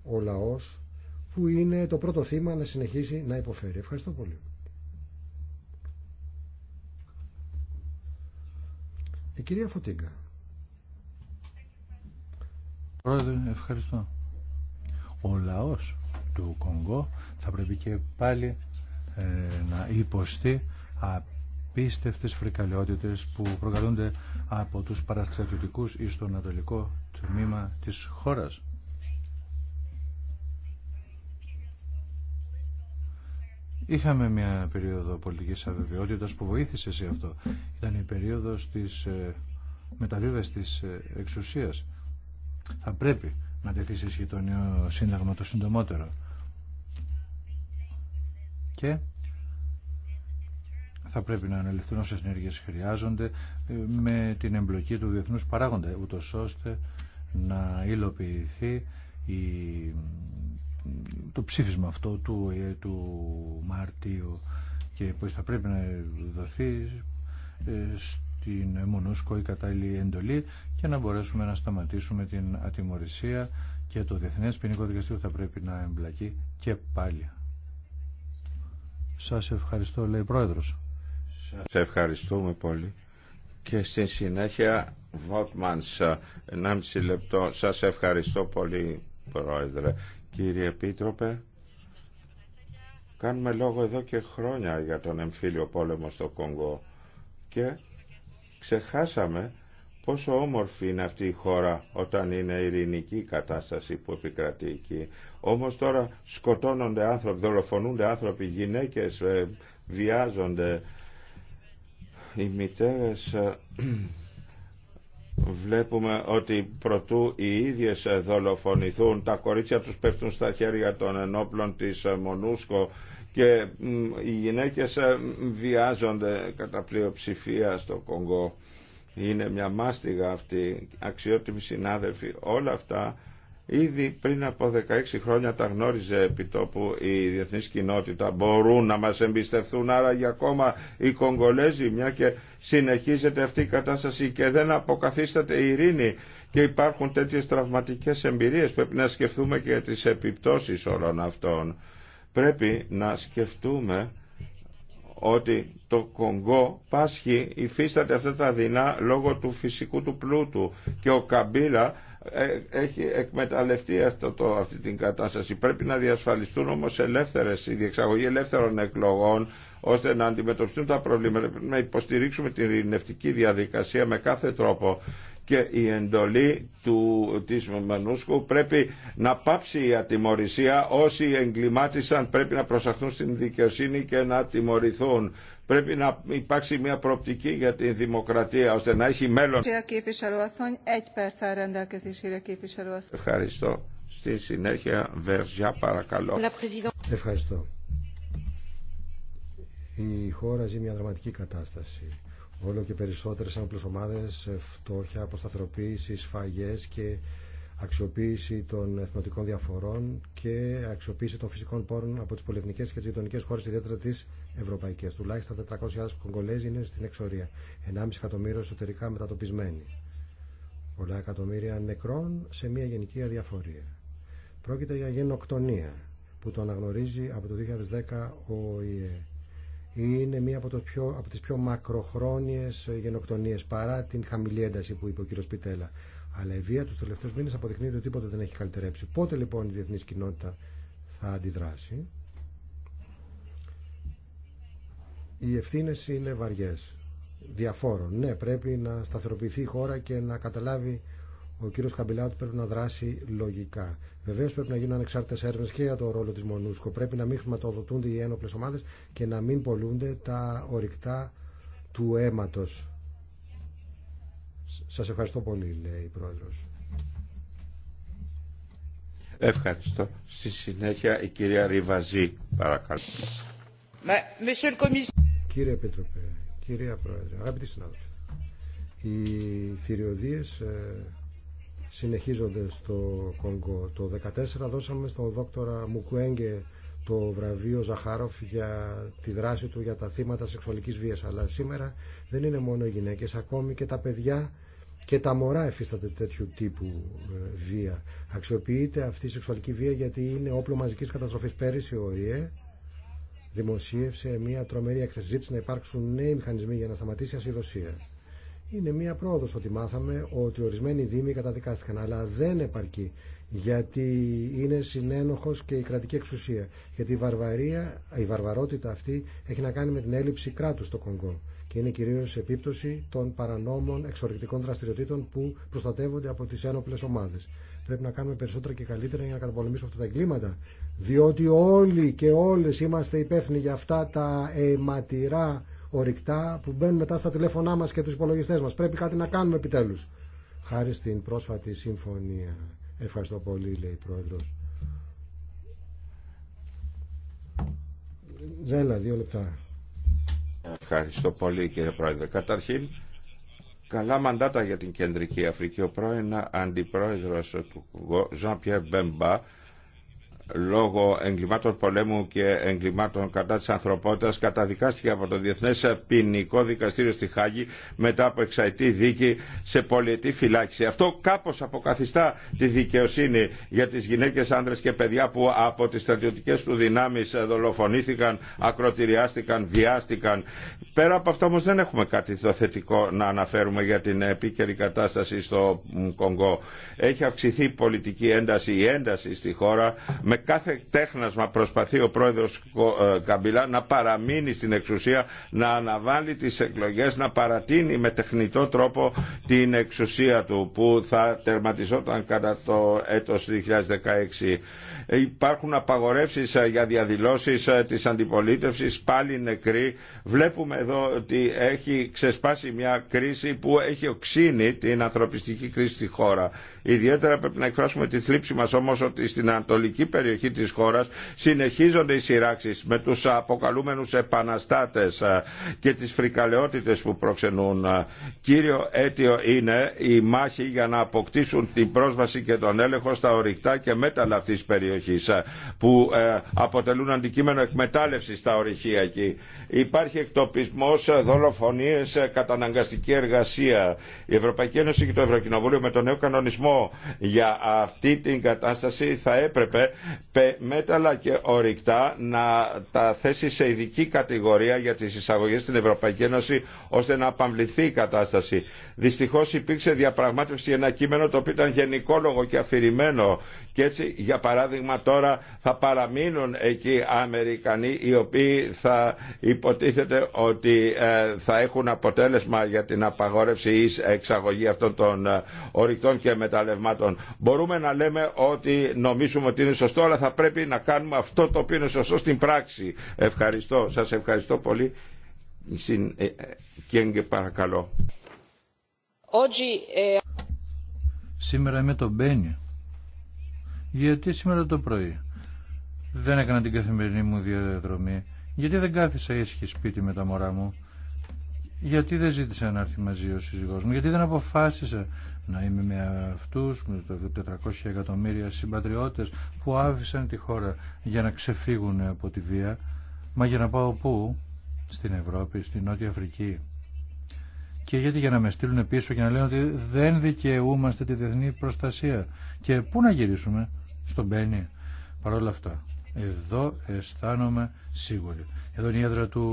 ο λαός που είναι το πρώτο θύμα να συνεχίσει να υποφέρει. Ευχαριστώ πολύ. Η κυρία Φωτίγκα. Πρόεδρε, ευχαριστώ. Ο λαός του Κονγκό θα πρέπει και πάλι ε, να υποστεί απίστευτες φρικαλαιότητες που προκαλούνται από τους παραστρατιωτικούς ή στο ανατολικό τμήμα της χώρας. Είχαμε μια περίοδο πολιτικής αβεβαιότητας που βοήθησε σε αυτό. Ήταν η περίοδος της ε, μεταβίβασης της ε, εξουσίας. Θα πρέπει να τεθεί σε αυτο ηταν η περιοδος της μεταβιβασης της εξουσιας θα πρεπει να τεθει σε το νέο σύνταγμα το συντομότερο. Και θα πρέπει να αναλυθούν όσε συνέργειες χρειάζονται ε, με την εμπλοκή του διεθνού παράγοντα, ούτω ώστε να υλοποιηθεί η, το ψήφισμα αυτό του, του Μαρτίου και πω θα πρέπει να δοθεί ε, στην Μονούσκο η κατάλληλη εντολή και να μπορέσουμε να σταματήσουμε την ατιμορρησία και το Διεθνές Ποινικό Δικαστήριο θα πρέπει να εμπλακεί και πάλι. Σας ευχαριστώ, λέει Πρόεδρος. Σας ευχαριστούμε πολύ. Και στη συνέχεια, Βότμανς, 1,5 λεπτό. Σας ευχαριστώ πολύ, Πρόεδρε. Κύριε Επίτροπε, κάνουμε λόγο εδώ και χρόνια για τον εμφύλιο πόλεμο στο Κονγκό και ξεχάσαμε πόσο όμορφη είναι αυτή η χώρα όταν είναι ειρηνική η κατάσταση που επικρατεί εκεί. Όμως τώρα σκοτώνονται άνθρωποι, δολοφονούνται άνθρωποι, γυναίκες ε, βιάζονται οι μητέρες ε, βλέπουμε ότι προτού οι ίδιες ε, δολοφονηθούν τα κορίτσια τους πέφτουν στα χέρια των ενόπλων της ε, Μονούσκο και οι γυναίκες βιάζονται κατά πλειοψηφία στο Κονγκό είναι μια μάστιγα αυτή αξιότιμοι συνάδελφοι όλα αυτά Ήδη πριν από 16 χρόνια τα γνώριζε επί που... η διεθνής κοινότητα. Μπορούν να μας εμπιστευτούν για ακόμα οι Κογκολέζοι μια και συνεχίζεται αυτή η κατάσταση και δεν αποκαθίσταται η ειρήνη και υπάρχουν τέτοιες τραυματικές εμπειρίες. Πρέπει να σκεφτούμε και τις επιπτώσεις όλων αυτών. Πρέπει να σκεφτούμε ότι το Κονγκό πάσχει, υφίσταται αυτά τα δεινά λόγω του φυσικού του πλούτου και ο Καμπίλα ε, έχει εκμεταλλευτεί αυτό το, αυτή την κατάσταση. Πρέπει να διασφαλιστούν όμως ελεύθερες, η διεξαγωγή ελεύθερων εκλογών ώστε να αντιμετωπιστούν τα προβλήματα. Πρέπει να υποστηρίξουμε την ειρηνευτική διαδικασία με κάθε τρόπο και η εντολή του, της Μενούσκου πρέπει να πάψει η ατιμορρησία όσοι εγκλημάτισαν πρέπει να προσαχθούν στην δικαιοσύνη και να τιμωρηθούν Πρέπει να υπάρξει μια προοπτική για τη δημοκρατία ώστε να έχει μέλλον. Ευχαριστώ. Στη συνέχεια, Βερζιά, παρακαλώ. Ευχαριστώ. Η χώρα ζει μια δραματική κατάσταση. Όλο και περισσότερες άμπλες ομάδες, φτώχεια, αποσταθεροποίηση, σφαγές και αξιοποίηση των εθνοτικών διαφορών και αξιοποίηση των φυσικών πόρων από τις πολυεθνικές και τις γειτονικές χώρες, ιδιαίτερα της ευρωπαϊκέ. Τουλάχιστον 400.000 Κογκολέζοι είναι στην εξορία. 1,5 εκατομμύριο εσωτερικά μετατοπισμένοι. Πολλά εκατομμύρια νεκρών σε μια γενική αδιαφορία. Πρόκειται για γενοκτονία που το αναγνωρίζει από το 2010 ο ΙΕ. Είναι μία από, το πιο, από τις πιο μακροχρόνιες γενοκτονίες παρά την χαμηλή ένταση που είπε ο κ. Πιτέλα. Αλλά η βία τους τελευταίους μήνες αποδεικνύει ότι τίποτα δεν έχει καλυτερέψει. Πότε λοιπόν η διεθνής κοινότητα θα αντιδράσει. Οι ευθύνε είναι βαριέ. Διαφόρων. Ναι, πρέπει να σταθεροποιηθεί η χώρα και να καταλάβει ο κύριο Καμπιλά ότι πρέπει να δράσει λογικά. Βεβαίω πρέπει να γίνουν ανεξάρτητε έρευνε και για το ρόλο τη Μονούσκο. Πρέπει να μην χρηματοδοτούνται οι ένοπλε ομάδε και να μην πολλούνται τα ορυκτά του αίματο. Σα ευχαριστώ πολύ, λέει η πρόεδρο. Ευχαριστώ. Στη συνέχεια η κυρία Ριβαζή, παρακαλώ. Κύριε Επίτροπε, κυρία Πρόεδρε, αγαπητοί συνάδελφοι, οι θηριωδίες ε, συνεχίζονται στο Κονγκό. Το 2014 δώσαμε στον δόκτορα Μουκουέγγε το βραβείο Ζαχάροφ για τη δράση του για τα θύματα σεξουαλικής βίας. Αλλά σήμερα δεν είναι μόνο οι γυναίκες, ακόμη και τα παιδιά και τα μωρά εφίσταται τέτοιου τύπου ε, βία. Αξιοποιείται αυτή η σεξουαλική βία γιατί είναι όπλο μαζικής καταστροφής πέρυσι ο ΙΕ δημοσίευσε μια τρομερή έκθεση. να υπάρξουν νέοι μηχανισμοί για να σταματήσει η ασυδοσία. Είναι μια πρόοδο ότι μάθαμε ότι ορισμένοι δήμοι καταδικάστηκαν, αλλά δεν επαρκεί γιατί είναι συνένοχος και η κρατική εξουσία. Γιατί η βαρβαρία, η βαρβαρότητα αυτή έχει να κάνει με την έλλειψη κράτους στο Κονγκό και είναι κυρίως επίπτωση των παρανόμων εξορρυκτικών δραστηριοτήτων που προστατεύονται από τις ένοπλες ομάδες. Πρέπει να κάνουμε περισσότερα και καλύτερα για να καταπολεμήσουμε αυτά τα εγκλήματα. Διότι όλοι και όλες είμαστε υπεύθυνοι για αυτά τα αιματηρά ορυκτά που μπαίνουν μετά στα τηλέφωνά μας και τους υπολογιστέ. μας. Πρέπει κάτι να κάνουμε επιτέλους. Χάρη στην πρόσφατη συμφωνία. Ευχαριστώ πολύ, λέει η Πρόεδρος. Ζέλα, δύο λεπτά. Ευχαριστώ πολύ κύριε Πρόεδρε. Καταρχήν καλά μαντάτα για την Κεντρική Αφρική. Ο πρώην αντιπρόεδρος του Ζαν Πιέρ Μπέμπα λόγω εγκλημάτων πολέμου και εγκλημάτων κατά της ανθρωπότητας καταδικάστηκε από το Διεθνές Ποινικό Δικαστήριο στη Χάγη μετά από εξαετή δίκη σε πολιετή φυλάξη. Αυτό κάπως αποκαθιστά τη δικαιοσύνη για τις γυναίκες, άνδρες και παιδιά που από τις στρατιωτικές του δυνάμεις δολοφονήθηκαν, ακροτηριάστηκαν, βιάστηκαν. Πέρα από αυτό όμως δεν έχουμε κάτι το θετικό να αναφέρουμε για την επίκαιρη κατάσταση στο Κονγκό. Έχει αυξηθεί πολιτική ένταση, η ένταση στη χώρα με κάθε τέχνασμα προσπαθεί ο πρόεδρος ε, Καμπιλά να παραμείνει στην εξουσία, να αναβάλει τις εκλογές, να παρατείνει με τεχνητό τρόπο την εξουσία του που θα τερματιζόταν κατά το έτος 2016. Υπάρχουν απαγορεύσεις ε, για διαδηλώσεις ε, της αντιπολίτευσης, πάλι νεκροί. Βλέπουμε εδώ ότι έχει ξεσπάσει μια κρίση που έχει οξύνει την ανθρωπιστική κρίση στη χώρα. Ιδιαίτερα πρέπει να εκφράσουμε τη θλίψη μας όμως ότι στην ανατολική περιοχή της χώρας συνεχίζονται οι σειράξεις με τους αποκαλούμενους επαναστάτες ε, και τις φρικαλαιότητες που προξενούν. Ε, κύριο αίτιο είναι η μάχη για να αποκτήσουν την πρόσβαση και τον έλεγχο στα ορυκτά και μέταλλα αυτής τη περιοχής ε, που αποτελούν αντικείμενο εκμετάλλευσης στα ορυχεία εκεί. Υπάρχει εκτοπισμός, δολοφονίες, καταναγκαστική εργασία. Η Ευρωπαϊκή Ένωση και το Ευρωκοινοβούλιο με τον νέο κανονισμό για αυτή την κατάσταση θα έπρεπε μέταλλα και ορυκτά να τα θέσει σε ειδική κατηγορία για τις εισαγωγές στην Ευρωπαϊκή Ένωση ώστε να απαμβληθεί η κατάσταση. Δυστυχώς υπήρξε διαπραγμάτευση ένα κείμενο το οποίο ήταν γενικόλογο και αφηρημένο και έτσι, για παράδειγμα, τώρα θα παραμείνουν εκεί Αμερικανοί οι οποίοι θα υποτίθεται ότι ε, θα έχουν αποτέλεσμα για την απαγόρευση ή εξαγωγή αυτών των ε, ορυκτών και μεταλλευμάτων. Μπορούμε να λέμε ότι νομίζουμε ότι είναι σωστό, αλλά θα πρέπει να κάνουμε αυτό το οποίο είναι σωστό στην πράξη. Ευχαριστώ. Σας ευχαριστώ πολύ. Συν... Ε, και παρακαλώ. Σήμερα είμαι το Μπένιο γιατί σήμερα το πρωί δεν έκανα την καθημερινή μου διαδρομή, γιατί δεν κάθισα ήσυχη σπίτι με τα μωρά μου, γιατί δεν ζήτησα να έρθει μαζί ο σύζυγός μου, γιατί δεν αποφάσισα να είμαι με αυτούς, με τα 400 εκατομμύρια συμπατριώτες που άφησαν τη χώρα για να ξεφύγουν από τη βία, μα για να πάω πού, στην Ευρώπη, στην Νότια Αφρική. Και γιατί για να με στείλουν πίσω και να λένε ότι δεν δικαιούμαστε τη διεθνή προστασία. Και πού να γυρίσουμε στον Μπένι. Παρ' όλα αυτά, εδώ αισθάνομαι σίγουροι. Εδώ η έδρα του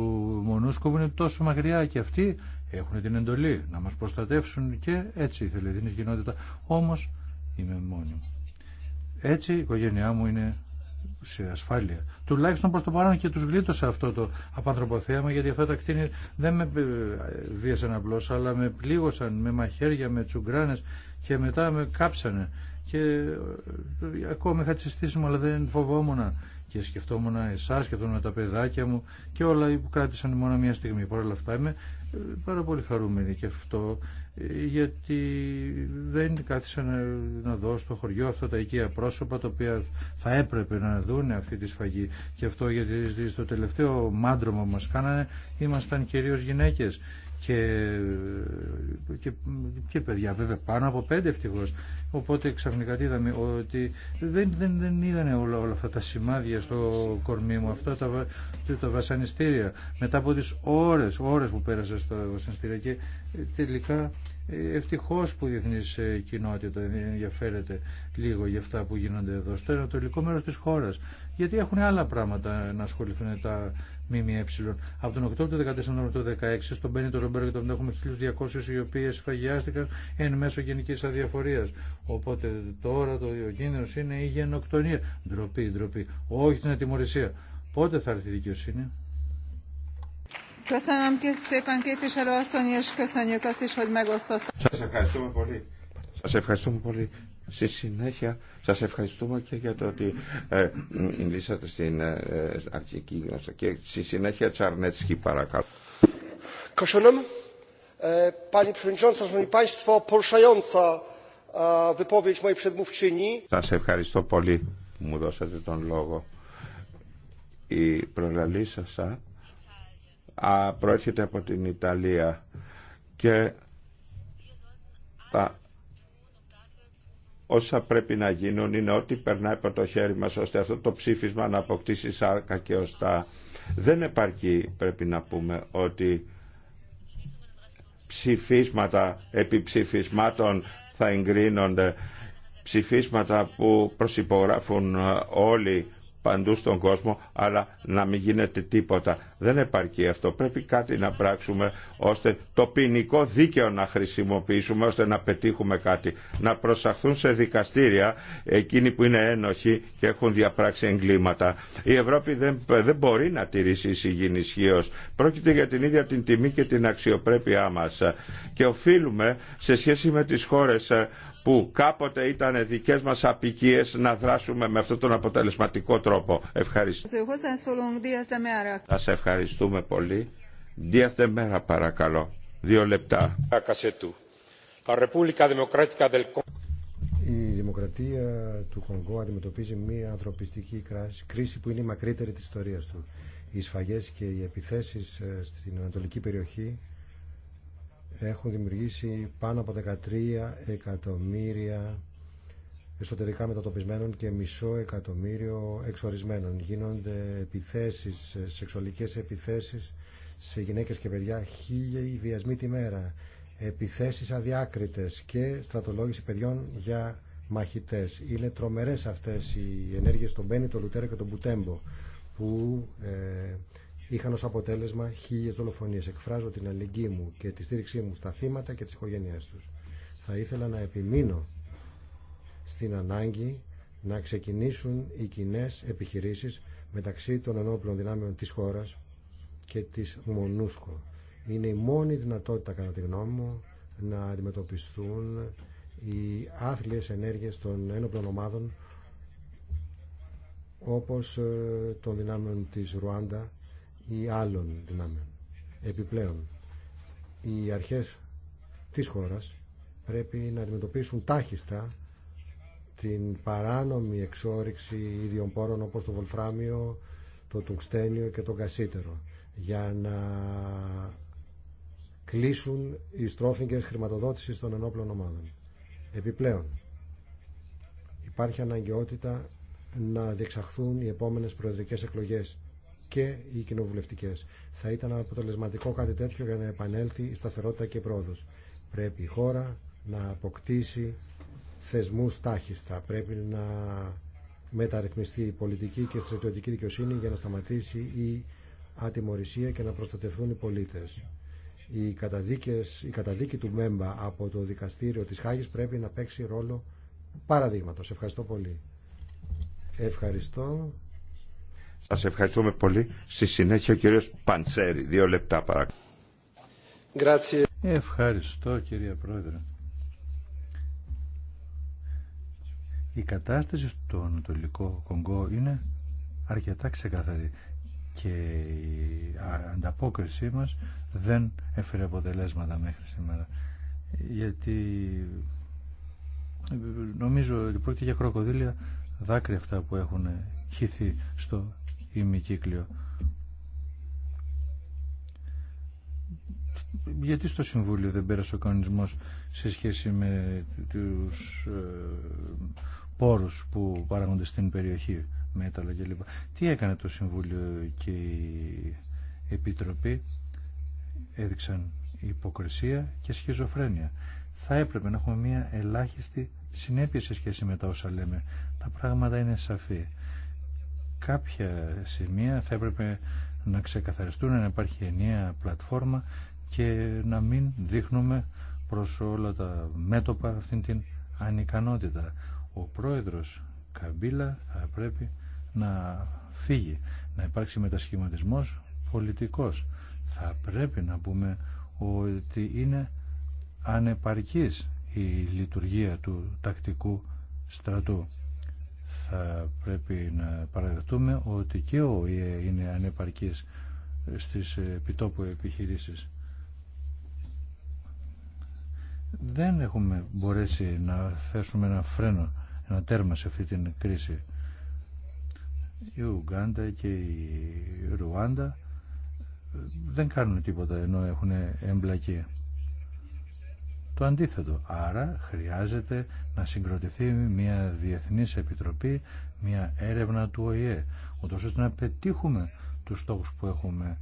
Μονούσκοβου είναι τόσο μακριά και αυτοί έχουν την εντολή να μας προστατεύσουν και έτσι η θελεδινής κοινότητα. Όμως είμαι μόνη μου. Έτσι η οικογένειά μου είναι σε ασφάλεια. Τουλάχιστον προς το παρόν και τους γλίτωσα αυτό το απάνθρωπο γιατί αυτά τα κτίνη δεν με ε, βίασαν απλώς αλλά με πλήγωσαν με μαχαίρια, με τσουγκράνες και μετά με κάψανε και ε, ακόμη είχα τις αισθήσεις μου αλλά δεν φοβόμουν και σκεφτόμουν εσάς, σκεφτόμουν τα παιδάκια μου και όλα που κράτησαν μόνο μια στιγμή. Παρ' όλα αυτά είμαι ε, πάρα πολύ χαρούμενη και αυτό ε, γιατί δεν κάθισα να, να δω στο χωριό αυτά τα οικεία πρόσωπα τα οποία θα έπρεπε να δουν αυτή τη σφαγή και αυτό γιατί στο τελευταίο μάντρωμα μας κάνανε ήμασταν κυρίως γυναίκες και, και, παιδιά βέβαια πάνω από πέντε ευτυχώ. Οπότε ξαφνικά τι είδαμε ότι δεν, δεν, δεν είδανε όλα, όλα αυτά τα σημάδια στο κορμί μου, αυτά τα, τα βασανιστήρια. Μετά από τις ώρες, ώρες που πέρασα στα βασανιστήρια και τελικά ε, ευτυχώς που η διεθνής ε, κοινότητα ενδιαφέρεται λίγο για αυτά που γίνονται εδώ στο ανατολικό μέρος της χώρας γιατί έχουν άλλα πράγματα να ασχοληθούν τα ΜΜΕ. Από τον Οκτώβριο του 2014 μέχρι το 2016 στον Μπένιτο και τον έχουμε 1.200 οι οποίε φαγιάστηκαν εν μέσω γενική αδιαφορία. Οπότε τώρα το κίνδυνο είναι η γενοκτονία. Ντροπή, ντροπή. Όχι την ατιμορρησία. Πότε θα έρθει η δικαιοσύνη. Σα ευχαριστούμε πολύ. Σας ευχαριστούμε πολύ Στη συνέχεια σας ευχαριστούμε και για το ότι ε, μιλήσατε στην ε, αρχική γνώση και στη συνέχεια Τσαρνέτσκι παρακαλώ. Ε, e, σας ευχαριστώ πολύ που μου δώσατε τον λόγο. Η προλαλή σας προέρχεται από την Ιταλία και όσα πρέπει να γίνουν είναι ό,τι περνάει από το χέρι μας ώστε αυτό το ψήφισμα να αποκτήσει σάρκα και ωστά. Δεν επαρκεί πρέπει να πούμε ότι ψηφίσματα επί θα εγκρίνονται ψηφίσματα που προσυπογράφουν όλοι παντού στον κόσμο, αλλά να μην γίνεται τίποτα. Δεν επαρκεί αυτό. Πρέπει κάτι να πράξουμε ώστε το ποινικό δίκαιο να χρησιμοποιήσουμε ώστε να πετύχουμε κάτι. Να προσαχθούν σε δικαστήρια εκείνοι που είναι ένοχοι και έχουν διαπράξει εγκλήματα. Η Ευρώπη δεν, δεν μπορεί να τηρήσει εισηγήν ισχύω. Πρόκειται για την ίδια την τιμή και την αξιοπρέπειά μα. Και οφείλουμε σε σχέση με τι χώρε που κάποτε ήταν δικές μας απικίες να δράσουμε με αυτόν τον αποτελεσματικό τρόπο. Ευχαριστώ. Σας ευχαριστούμε πολύ. Διάστε μέρα παρακαλώ. Δύο λεπτά. Η δημοκρατία του Κονγκό αντιμετωπίζει μια ανθρωπιστική κρίση που είναι η μακρύτερη της ιστορίας του. Οι σφαγές και οι επιθέσεις ε, στην ανατολική περιοχή έχουν δημιουργήσει πάνω από 13 εκατομμύρια εσωτερικά μετατοπισμένων και μισό εκατομμύριο εξορισμένων. Γίνονται επιθέσεις, σεξουαλικές επιθέσεις σε γυναίκες και παιδιά, χίλιοι βιασμοί τη μέρα, επιθέσεις αδιάκριτες και στρατολόγηση παιδιών για μαχητές. Είναι τρομερές αυτές οι ενέργειες των Μπένι, τον Λουτέρα και των Μπουτέμπο ε, είχαν ως αποτέλεσμα χίλιες δολοφονίες. Εκφράζω την αλληλεγγύη μου και τη στήριξή μου στα θύματα και τις οικογένειές τους. Θα ήθελα να επιμείνω στην ανάγκη να ξεκινήσουν οι κοινέ επιχειρήσεις μεταξύ των ενόπλων δυνάμεων της χώρας και της Μονούσκο. Είναι η μόνη δυνατότητα, κατά τη γνώμη μου, να αντιμετωπιστούν οι άθλιες ενέργειες των ένοπλων ομάδων όπως ε, των δυνάμεων της Ρουάντα ή άλλων δυνάμεων. Επιπλέον, οι αρχές της χώρας πρέπει να αντιμετωπίσουν τάχιστα την παράνομη εξόριξη ίδιων πόρων όπως το βολφράμιο, το τουξτένιο και το κασίτερο για να κλείσουν οι στρόφιγγες χρηματοδότησης των ενόπλων ομάδων. Επιπλέον, υπάρχει αναγκαιότητα να διεξαχθούν οι επόμενες προεδρικές εκλογές και οι κοινοβουλευτικέ. Θα ήταν αποτελεσματικό κάτι τέτοιο για να επανέλθει η σταθερότητα και η πρόοδο. Πρέπει η χώρα να αποκτήσει θεσμού τάχιστα. Πρέπει να μεταρρυθμιστεί η πολιτική και η στρατιωτική δικαιοσύνη για να σταματήσει η ατιμορρησία και να προστατευτούν οι πολίτε. Οι καταδίκες, η καταδίκη του Μέμπα από το δικαστήριο της Χάγης πρέπει να παίξει ρόλο παραδείγματος. Ευχαριστώ πολύ. Ευχαριστώ. Σας ευχαριστούμε πολύ. Στη συνέχεια ο κύριος Παντσέρη. Δύο λεπτά παρακαλώ. Ευχαριστώ κύριε Πρόεδρε. Η κατάσταση στο Ανατολικό Κονγκό είναι αρκετά ξεκαθαρή και η ανταπόκρισή μας δεν έφερε αποτελέσματα μέχρι σήμερα γιατί νομίζω ότι πρόκειται για κροκοδίλια δάκρυα αυτά που έχουν χυθεί στο ημικύκλιο. Γιατί στο Συμβούλιο δεν πέρασε ο κανονισμός σε σχέση με τους ε, πόρους που παράγονται στην περιοχή, μέταλλα κλπ. Τι έκανε το Συμβούλιο και η Επιτροπή έδειξαν υποκρισία και σχιζοφρένεια. Θα έπρεπε να έχουμε μια ελάχιστη συνέπεια σε σχέση με τα όσα λέμε. Τα πράγματα είναι σαφή κάποια σημεία θα έπρεπε να ξεκαθαριστούν, να υπάρχει ενιαία πλατφόρμα και να μην δείχνουμε προς όλα τα μέτωπα αυτήν την ανικανότητα. Ο πρόεδρος Καμπίλα θα πρέπει να φύγει, να υπάρξει μετασχηματισμός πολιτικός. Θα πρέπει να πούμε ότι είναι ανεπαρκής η λειτουργία του τακτικού στρατού θα πρέπει να παραδεχτούμε ότι και ο ΙΕ είναι ανεπαρκής στις επιτόπου επιχειρήσεις. Δεν έχουμε μπορέσει να θέσουμε ένα φρένο, ένα τέρμα σε αυτή την κρίση. Η Ουγγάντα και η Ρουάντα δεν κάνουν τίποτα ενώ έχουν εμπλακεί το αντίθετο. Άρα χρειάζεται να συγκροτηθεί μια διεθνής επιτροπή, μια έρευνα του ΟΗΕ, ούτως ώστε να πετύχουμε τους στόχους που έχουμε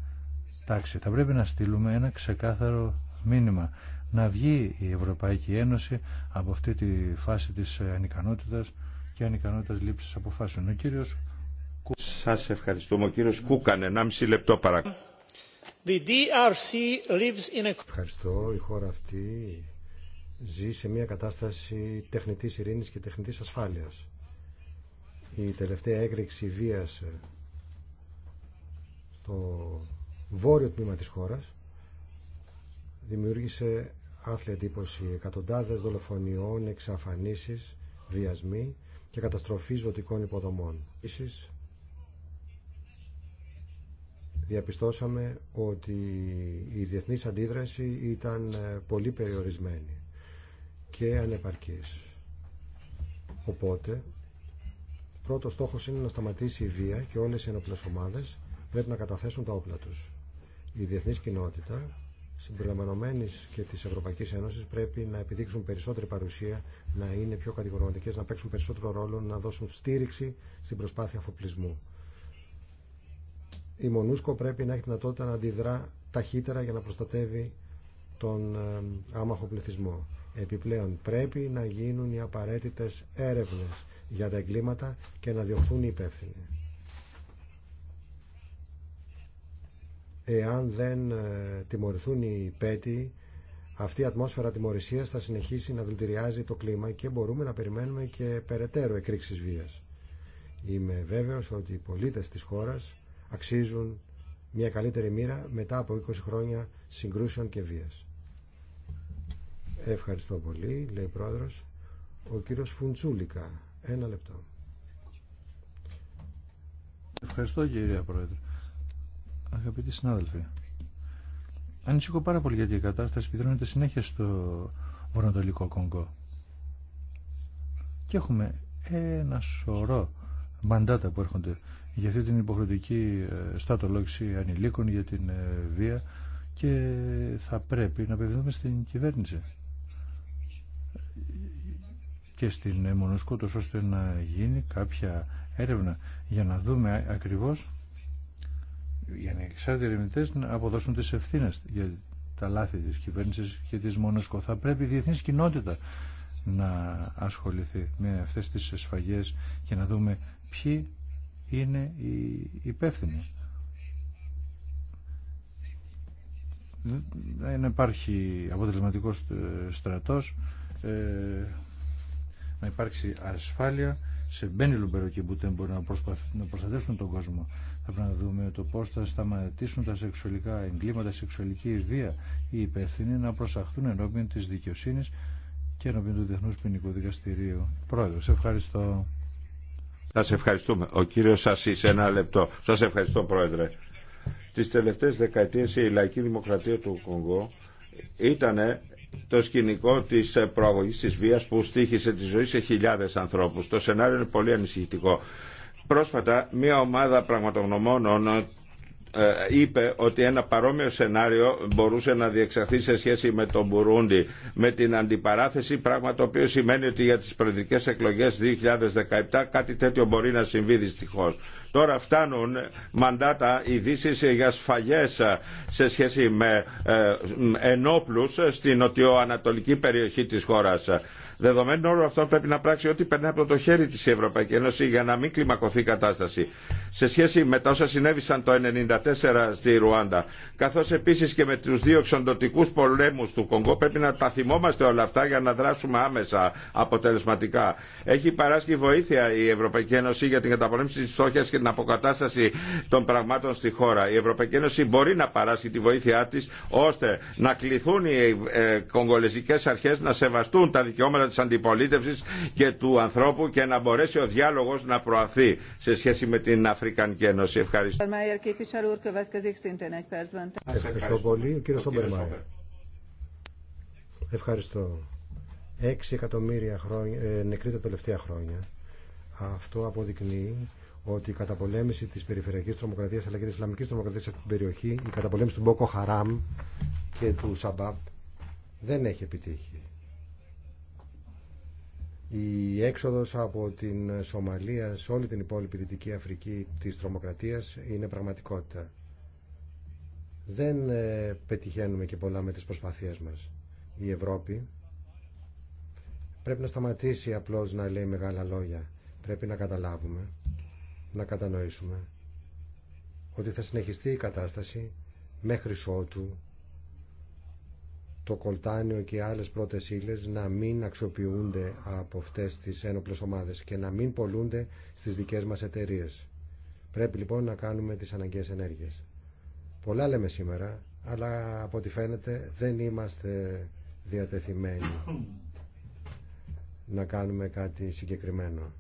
τάξει. Θα πρέπει να στείλουμε ένα ξεκάθαρο μήνυμα. Να βγει η Ευρωπαϊκή Ένωση από αυτή τη φάση της ανικανότητας και ανικανότητας λήψης αποφάσεων. Ο κύριος Σας ευχαριστούμε. Ο κύριος Κούκαν, 1,5 λεπτό παρακαλώ. The DRC lives in a... Ευχαριστώ. Η χώρα αυτή ζει σε μια κατάσταση τεχνητής ειρήνης και τεχνητής ασφάλειας. Η τελευταία έκρηξη βίας ε, στο βόρειο τμήμα της χώρας δημιούργησε άθλια εντύπωση εκατοντάδες δολοφονιών, εξαφανίσεις, βιασμοί και καταστροφή ζωτικών υποδομών. Επίσης, διαπιστώσαμε ότι η διεθνής αντίδραση ήταν ε, πολύ περιορισμένη και ανεπαρκής. Οπότε, πρώτο στόχος είναι να σταματήσει η βία και όλες οι ενοπλές ομάδες πρέπει να καταθέσουν τα όπλα τους. Η διεθνής κοινότητα, συμπεριλαμβανομένη και τη Ευρωπαϊκή Ένωση πρέπει να επιδείξουν περισσότερη παρουσία, να είναι πιο κατηγορηματικές, να παίξουν περισσότερο ρόλο, να δώσουν στήριξη στην προσπάθεια αφοπλισμού. Η Μονούσκο πρέπει να έχει δυνατότητα να αντιδρά ταχύτερα για να προστατεύει τον ε, άμαχο πληθυσμό. Επιπλέον πρέπει να γίνουν οι απαραίτητες έρευνες για τα εγκλήματα και να διωχθούν οι υπεύθυνοι. Εάν δεν ε, τιμωρηθούν οι πέτοι, αυτή η ατμόσφαιρα τιμωρησίας θα συνεχίσει να δηλητηριάζει το κλίμα και μπορούμε να περιμένουμε και περαιτέρω εκρήξεις βίας. Είμαι βέβαιος ότι οι πολίτες της χώρας αξίζουν μια καλύτερη μοίρα μετά από 20 χρόνια συγκρούσεων και βίας. Ευχαριστώ πολύ, λέει πρόεδρος. Ο κύριος Φουντσούλικα. Ένα λεπτό. Ευχαριστώ κύριε Πρόεδρε. Αγαπητοί συνάδελφοι, ανησυχώ πάρα πολύ γιατί η κατάσταση επιδρώνεται συνέχεια στο βορειοανατολικό Κονγκό. Και έχουμε ένα σωρό μαντάτα που έρχονται για αυτή την υποχρεωτική ε, στάτολόγηση ανηλίκων για την ε, βία και θα πρέπει να απευθυνθούμε στην κυβέρνηση και στην Μονοσκό ώστε να γίνει κάποια έρευνα για να δούμε ακριβώς για να εξάρτητοι να αποδώσουν τις ευθύνες για τα λάθη της κυβέρνησης και της Μονοσκό. Θα πρέπει η διεθνής κοινότητα να ασχοληθεί με αυτές τις σφαγές και να δούμε ποιοι είναι οι υπεύθυνοι. Δεν υπάρχει αποτελεσματικός στρατός ε, να υπάρξει ασφάλεια σε μπαίνει λουμπέρο και μπορεί να, να προστατεύσουν τον κόσμο. Θα πρέπει να δούμε το πώ θα σταματήσουν τα σεξουαλικά εγκλήματα, σεξουαλική βία. Οι υπεύθυνοι να προσαχθούν ενώπιον τη δικαιοσύνη και ενώπιον του Διεθνού Ποινικού Δικαστηρίου. Πρόεδρο, σε ευχαριστώ. Σα ευχαριστούμε. Ο κύριο Σασί, ένα λεπτό. Σα ευχαριστώ, Πρόεδρε. Τι τελευταίε δεκαετίε η λαϊκή δημοκρατία του Κονγκό ήταν το σκηνικό της ε, προαγωγή τη Βία που στήχησε τη ζωή σε χιλιάδες ανθρώπου. Το σενάριο είναι πολύ ανησυχητικό. Πρόσφατα μια ομάδα πραγματογνωμόνων ε, είπε ότι ένα παρόμοιο σενάριο μπορούσε να διεξαχθεί σε σχέση με τον Μπουρούντι με την αντιπαράθεση πράγμα το οποίο σημαίνει ότι για τις προεδρικές εκλογές 2017 κάτι τέτοιο μπορεί να συμβεί δυστυχώς. Τώρα φτάνουν μαντάτα ειδήσει για σφαγέ σε σχέση με ε, ενόπλους στην νοτιοανατολική περιοχή της χώρας. Δεδομένου όλων αυτών πρέπει να πράξει ό,τι περνάει από το χέρι τη η Ευρωπαϊκή Ένωση για να μην κλιμακωθεί η κατάσταση. Σε σχέση με τα όσα συνέβησαν το 1994 στη Ρουάντα, καθώ επίση και με του δύο εξοντοτικού πολέμου του Κονγκό, πρέπει να τα θυμόμαστε όλα αυτά για να δράσουμε άμεσα αποτελεσματικά. Έχει παράσχει βοήθεια η Ευρωπαϊκή Ένωση για την καταπολέμηση τη φτώχεια και την αποκατάσταση των πραγμάτων στη χώρα. Η Ευρωπαϊκή Ένωση μπορεί να παράσχει τη βοήθειά τη ώστε να κληθούν οι ε, κογκολεζικέ αρχέ να σεβαστούν τα δικαιώματα Τη της και του ανθρώπου και να μπορέσει ο διάλογος να προαθεί σε σχέση με την Αφρικανική Ένωση. Ευχαριστώ. Ευχαριστώ πολύ. Ο κύριος Μάιερ. Ευχαριστώ. Έξι εκατομμύρια χρόνια, ε, νεκροί τα τελευταία χρόνια. Αυτό αποδεικνύει ότι η καταπολέμηση τη περιφερειακή τρομοκρατία αλλά και τη Ισλαμικής τρομοκρατία σε αυτή την περιοχή, η καταπολέμηση του Μπόκο Χαράμ και του Σαμπάπ δεν έχει επιτύχει η έξοδος από την Σομαλία σε όλη την υπόλοιπη Δυτική Αφρική της τρομοκρατίας είναι πραγματικότητα. Δεν ε, πετυχαίνουμε και πολλά με τις προσπαθίες μας. Η Ευρώπη πρέπει να σταματήσει απλώς να λέει μεγάλα λόγια. Πρέπει να καταλάβουμε, να κατανοήσουμε ότι θα συνεχιστεί η κατάσταση μέχρι ότου το κολτάνιο και άλλες πρώτες ύλε να μην αξιοποιούνται από αυτές τις ένοπλες ομάδες και να μην πολλούνται στις δικές μας εταιρείε. Πρέπει λοιπόν να κάνουμε τις αναγκαίες ενέργειες. Πολλά λέμε σήμερα, αλλά από ό,τι φαίνεται δεν είμαστε διατεθειμένοι να κάνουμε κάτι συγκεκριμένο.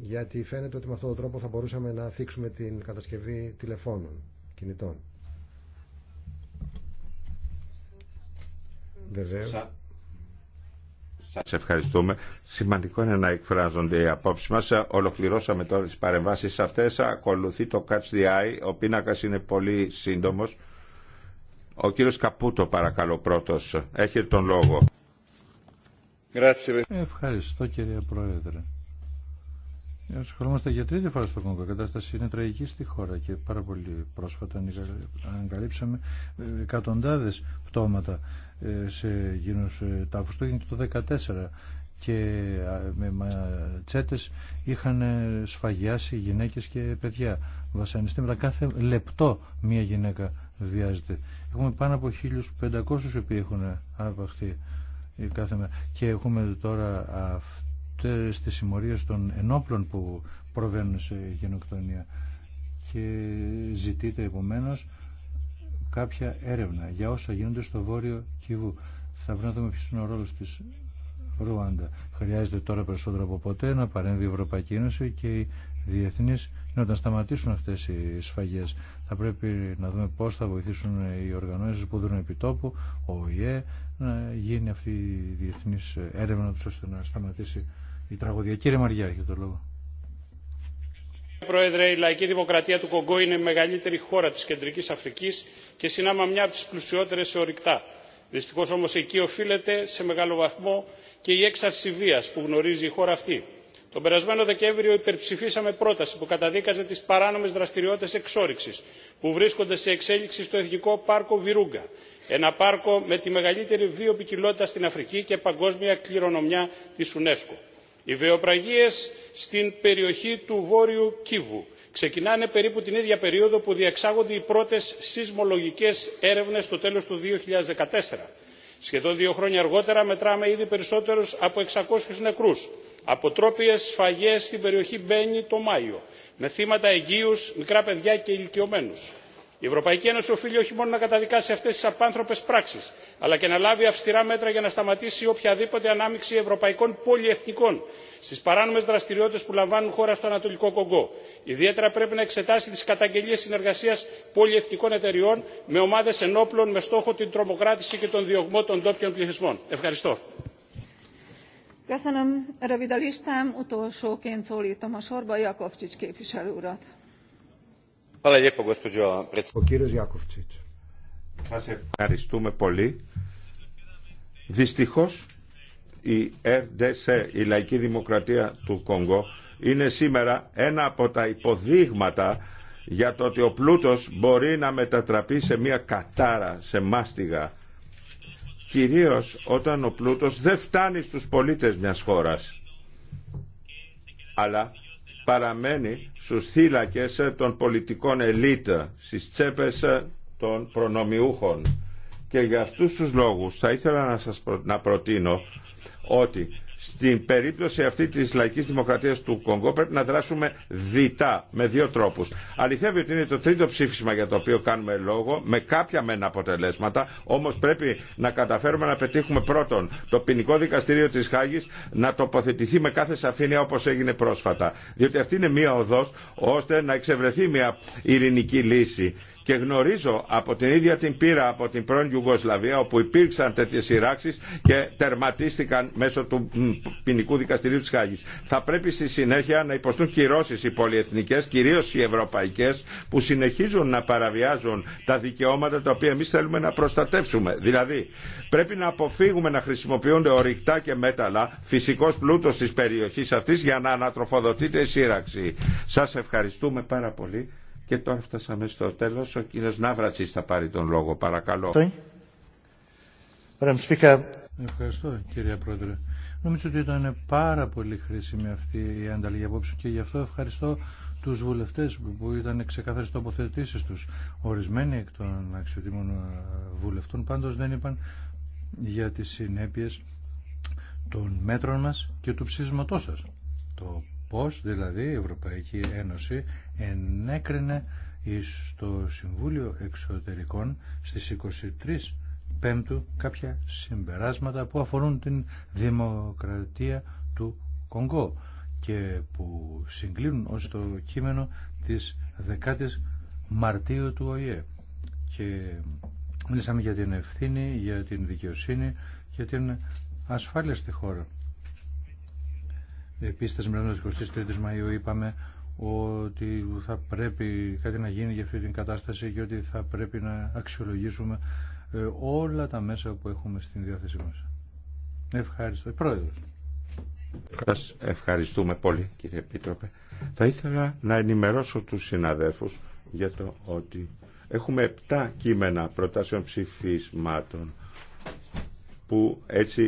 Γιατί φαίνεται ότι με αυτόν τον τρόπο θα μπορούσαμε να θίξουμε την κατασκευή τηλεφώνων, κινητών. Σα Σας ευχαριστούμε. Σημαντικό είναι να εκφράζονται οι απόψει μα. Ολοκληρώσαμε τώρα τι παρεμβάσει αυτές. Ακολουθεί το Catch the Eye. Ο πίνακα είναι πολύ σύντομος. Ο κύριος Καπούτο παρακαλώ πρώτος. Έχετε τον λόγο. Ευχαριστώ κύριε Πρόεδρε. Ασχολούμαστε για τρίτη φορά στο Κόγκο. Η κατάσταση είναι τραγική στη χώρα και πάρα πολύ πρόσφατα ανακαλύψαμε ε, εκατοντάδε πτώματα ε, σε γίνους ε, τάφου, Το έγινε το 2014 και με ματσέτες είχαν σφαγιάσει γυναίκες και παιδιά. μετά κάθε λεπτό μία γυναίκα βιάζεται. Έχουμε πάνω από 1.500 οι οποίοι έχουν απαχθεί κάθε μέρα. Και έχουμε τώρα αυτή ε, στις συμμορίες των ενόπλων που προβαίνουν σε γενοκτονία και ζητείται επομένως κάποια έρευνα για όσα γίνονται στο βόρειο Κιβού. Θα πρέπει να δούμε ποιος είναι ο ρόλος της Ρουάντα. Χρειάζεται τώρα περισσότερο από ποτέ να παρέμβει η Ευρωπαϊκή Ένωση και οι διεθνείς να τα σταματήσουν αυτές οι σφαγές. Θα πρέπει να δούμε πώς θα βοηθήσουν οι οργανώσεις που δουν τόπου, ο ΟΗΕ, να γίνει αυτή η διεθνής έρευνα του ώστε να σταματήσει η τραγωδία. Κύριε Μαριά, το λόγο. Πρόεδρε, η λαϊκή δημοκρατία του Κογκό είναι η μεγαλύτερη χώρα της κεντρικής Αφρικής και συνάμα μια από τις πλουσιότερες σε ορυκτά. Δυστυχώς όμως εκεί οφείλεται σε μεγάλο βαθμό και η έξαρση βίας που γνωρίζει η χώρα αυτή. Τον περασμένο Δεκέμβριο υπερψηφίσαμε πρόταση που καταδίκαζε τις παράνομες δραστηριότητες εξόριξης που βρίσκονται σε εξέλιξη στο Εθνικό Πάρκο Βιρούγκα, ένα πάρκο με τη μεγαλύτερη βιοπικιλότητα στην Αφρική και παγκόσμια κληρονομιά της UNESCO οι βεοπραγίες στην περιοχή του βόρειου κίβου ξεκινάνε περίπου την ίδια περίοδο που διεξάγονται οι πρώτες σεισμολογικές έρευνες στο τέλος του 2014. Σχεδόν δύο χρόνια αργότερα μετράμε ήδη περισσότερους από 600 νεκρούς. Αποτρόπιες σφαγές στην περιοχή Μπένι το Μάιο, με θύματα εγγύους, μικρά παιδιά και ηλικιωμένους η ευρωπαϊκή ένωση οφείλει όχι μόνο να καταδικάσει αυτές τις απάνθρωπες πράξεις αλλά και να λάβει αυστηρά μέτρα για να σταματήσει οποιαδήποτε ανάμειξη ευρωπαϊκών πολιεθνικών στι παράνομε δραστηριότητε που λαμβάνουν χώρα στο ανατολικό κονγκό. ιδιαίτερα πρέπει να εξετάσει τι καταγγελίε συνεργασία πολιεθνικών εταιριών με ομάδε ενόπλων με στόχο την τρομοκράτηση και τον διωγμό των ντόπιων πληθυσμών. ευχαριστώ. Ο κύριος Γιάκοφτσιτς. Σας ευχαριστούμε πολύ. Δυστυχώς η RDC, η Λαϊκή Δημοκρατία του Κονγκό, είναι σήμερα ένα από τα υποδείγματα για το ότι ο πλούτος μπορεί να μετατραπεί σε μια κατάρα, σε μάστιγα. Κυρίως όταν ο πλούτος δεν φτάνει στους πολίτες μιας χώρας, αλλά παραμένει στους θύλακες των πολιτικών ελίτ, στις τσέπες των προνομιούχων. Και για αυτούς τους λόγους θα ήθελα να σας προτείνω ότι στην περίπτωση αυτή τη λαϊκή δημοκρατία του Κονγκό πρέπει να δράσουμε διτά, με δύο τρόπου. Αληθεύει ότι είναι το τρίτο ψήφισμα για το οποίο κάνουμε λόγο, με κάποια μεν αποτελέσματα, όμω πρέπει να καταφέρουμε να πετύχουμε πρώτον το ποινικό δικαστήριο τη Χάγη να τοποθετηθεί με κάθε σαφήνεια όπω έγινε πρόσφατα. Διότι αυτή είναι μία οδό ώστε να εξευρεθεί μια ειρηνική λύση και γνωρίζω από την ίδια την πείρα από την πρώην Ιουγκοσλαβία όπου υπήρξαν τέτοιες σειράξεις και τερματίστηκαν μέσω του ποινικού δικαστηρίου της Χάγης. Θα πρέπει στη συνέχεια να υποστούν κυρώσεις οι πολυεθνικές, κυρίως οι ευρωπαϊκές, που συνεχίζουν να παραβιάζουν τα δικαιώματα τα οποία εμείς θέλουμε να προστατεύσουμε. Δηλαδή, πρέπει να αποφύγουμε να χρησιμοποιούνται ορυκτά και μέταλλα, φυσικός πλούτος της περιοχής αυτής για να ανατροφοδοτείται η σύραξη. Σας ευχαριστούμε πάρα πολύ. Και τώρα φτάσαμε στο τέλος. Ο κύριος Ναύρατσης θα πάρει τον λόγο. Παρακαλώ. Ευχαριστώ κύριε Πρόεδρε. Νομίζω ότι ήταν πάρα πολύ χρήσιμη αυτή η ανταλλαγή απόψε και γι' αυτό ευχαριστώ του βουλευτέ που ήταν ξεκάθαρε τοποθετήσει του Ορισμένοι εκ των αξιωτήμων ε, βουλευτών πάντω δεν είπαν για τι συνέπειε των μέτρων μα και του ψησματό σα Το Πώς δηλαδή η Ευρωπαϊκή Ένωση ενέκρινε στο Συμβούλιο Εξωτερικών στις 23 Πέμπτου κάποια συμπεράσματα που αφορούν την δημοκρατία του Κονγκό και που συγκλίνουν ως το κείμενο της 10 Μαρτίου του ΟΗΕ. Και μιλήσαμε για την ευθύνη, για την δικαιοσύνη και την ασφάλεια στη χώρα. Επίσης, τα σημερινά 23 Μαΐου είπαμε ότι θα πρέπει κάτι να γίνει για αυτή την κατάσταση και ότι θα πρέπει να αξιολογήσουμε ε, όλα τα μέσα που έχουμε στην διάθεσή μας. Ευχαριστώ. Πρόεδρος. Σας ευχαριστούμε πολύ κύριε Επίτροπε. Θα ήθελα να ενημερώσω τους συναδέλφους για το ότι έχουμε 7 κείμενα προτάσεων ψηφισμάτων που έτσι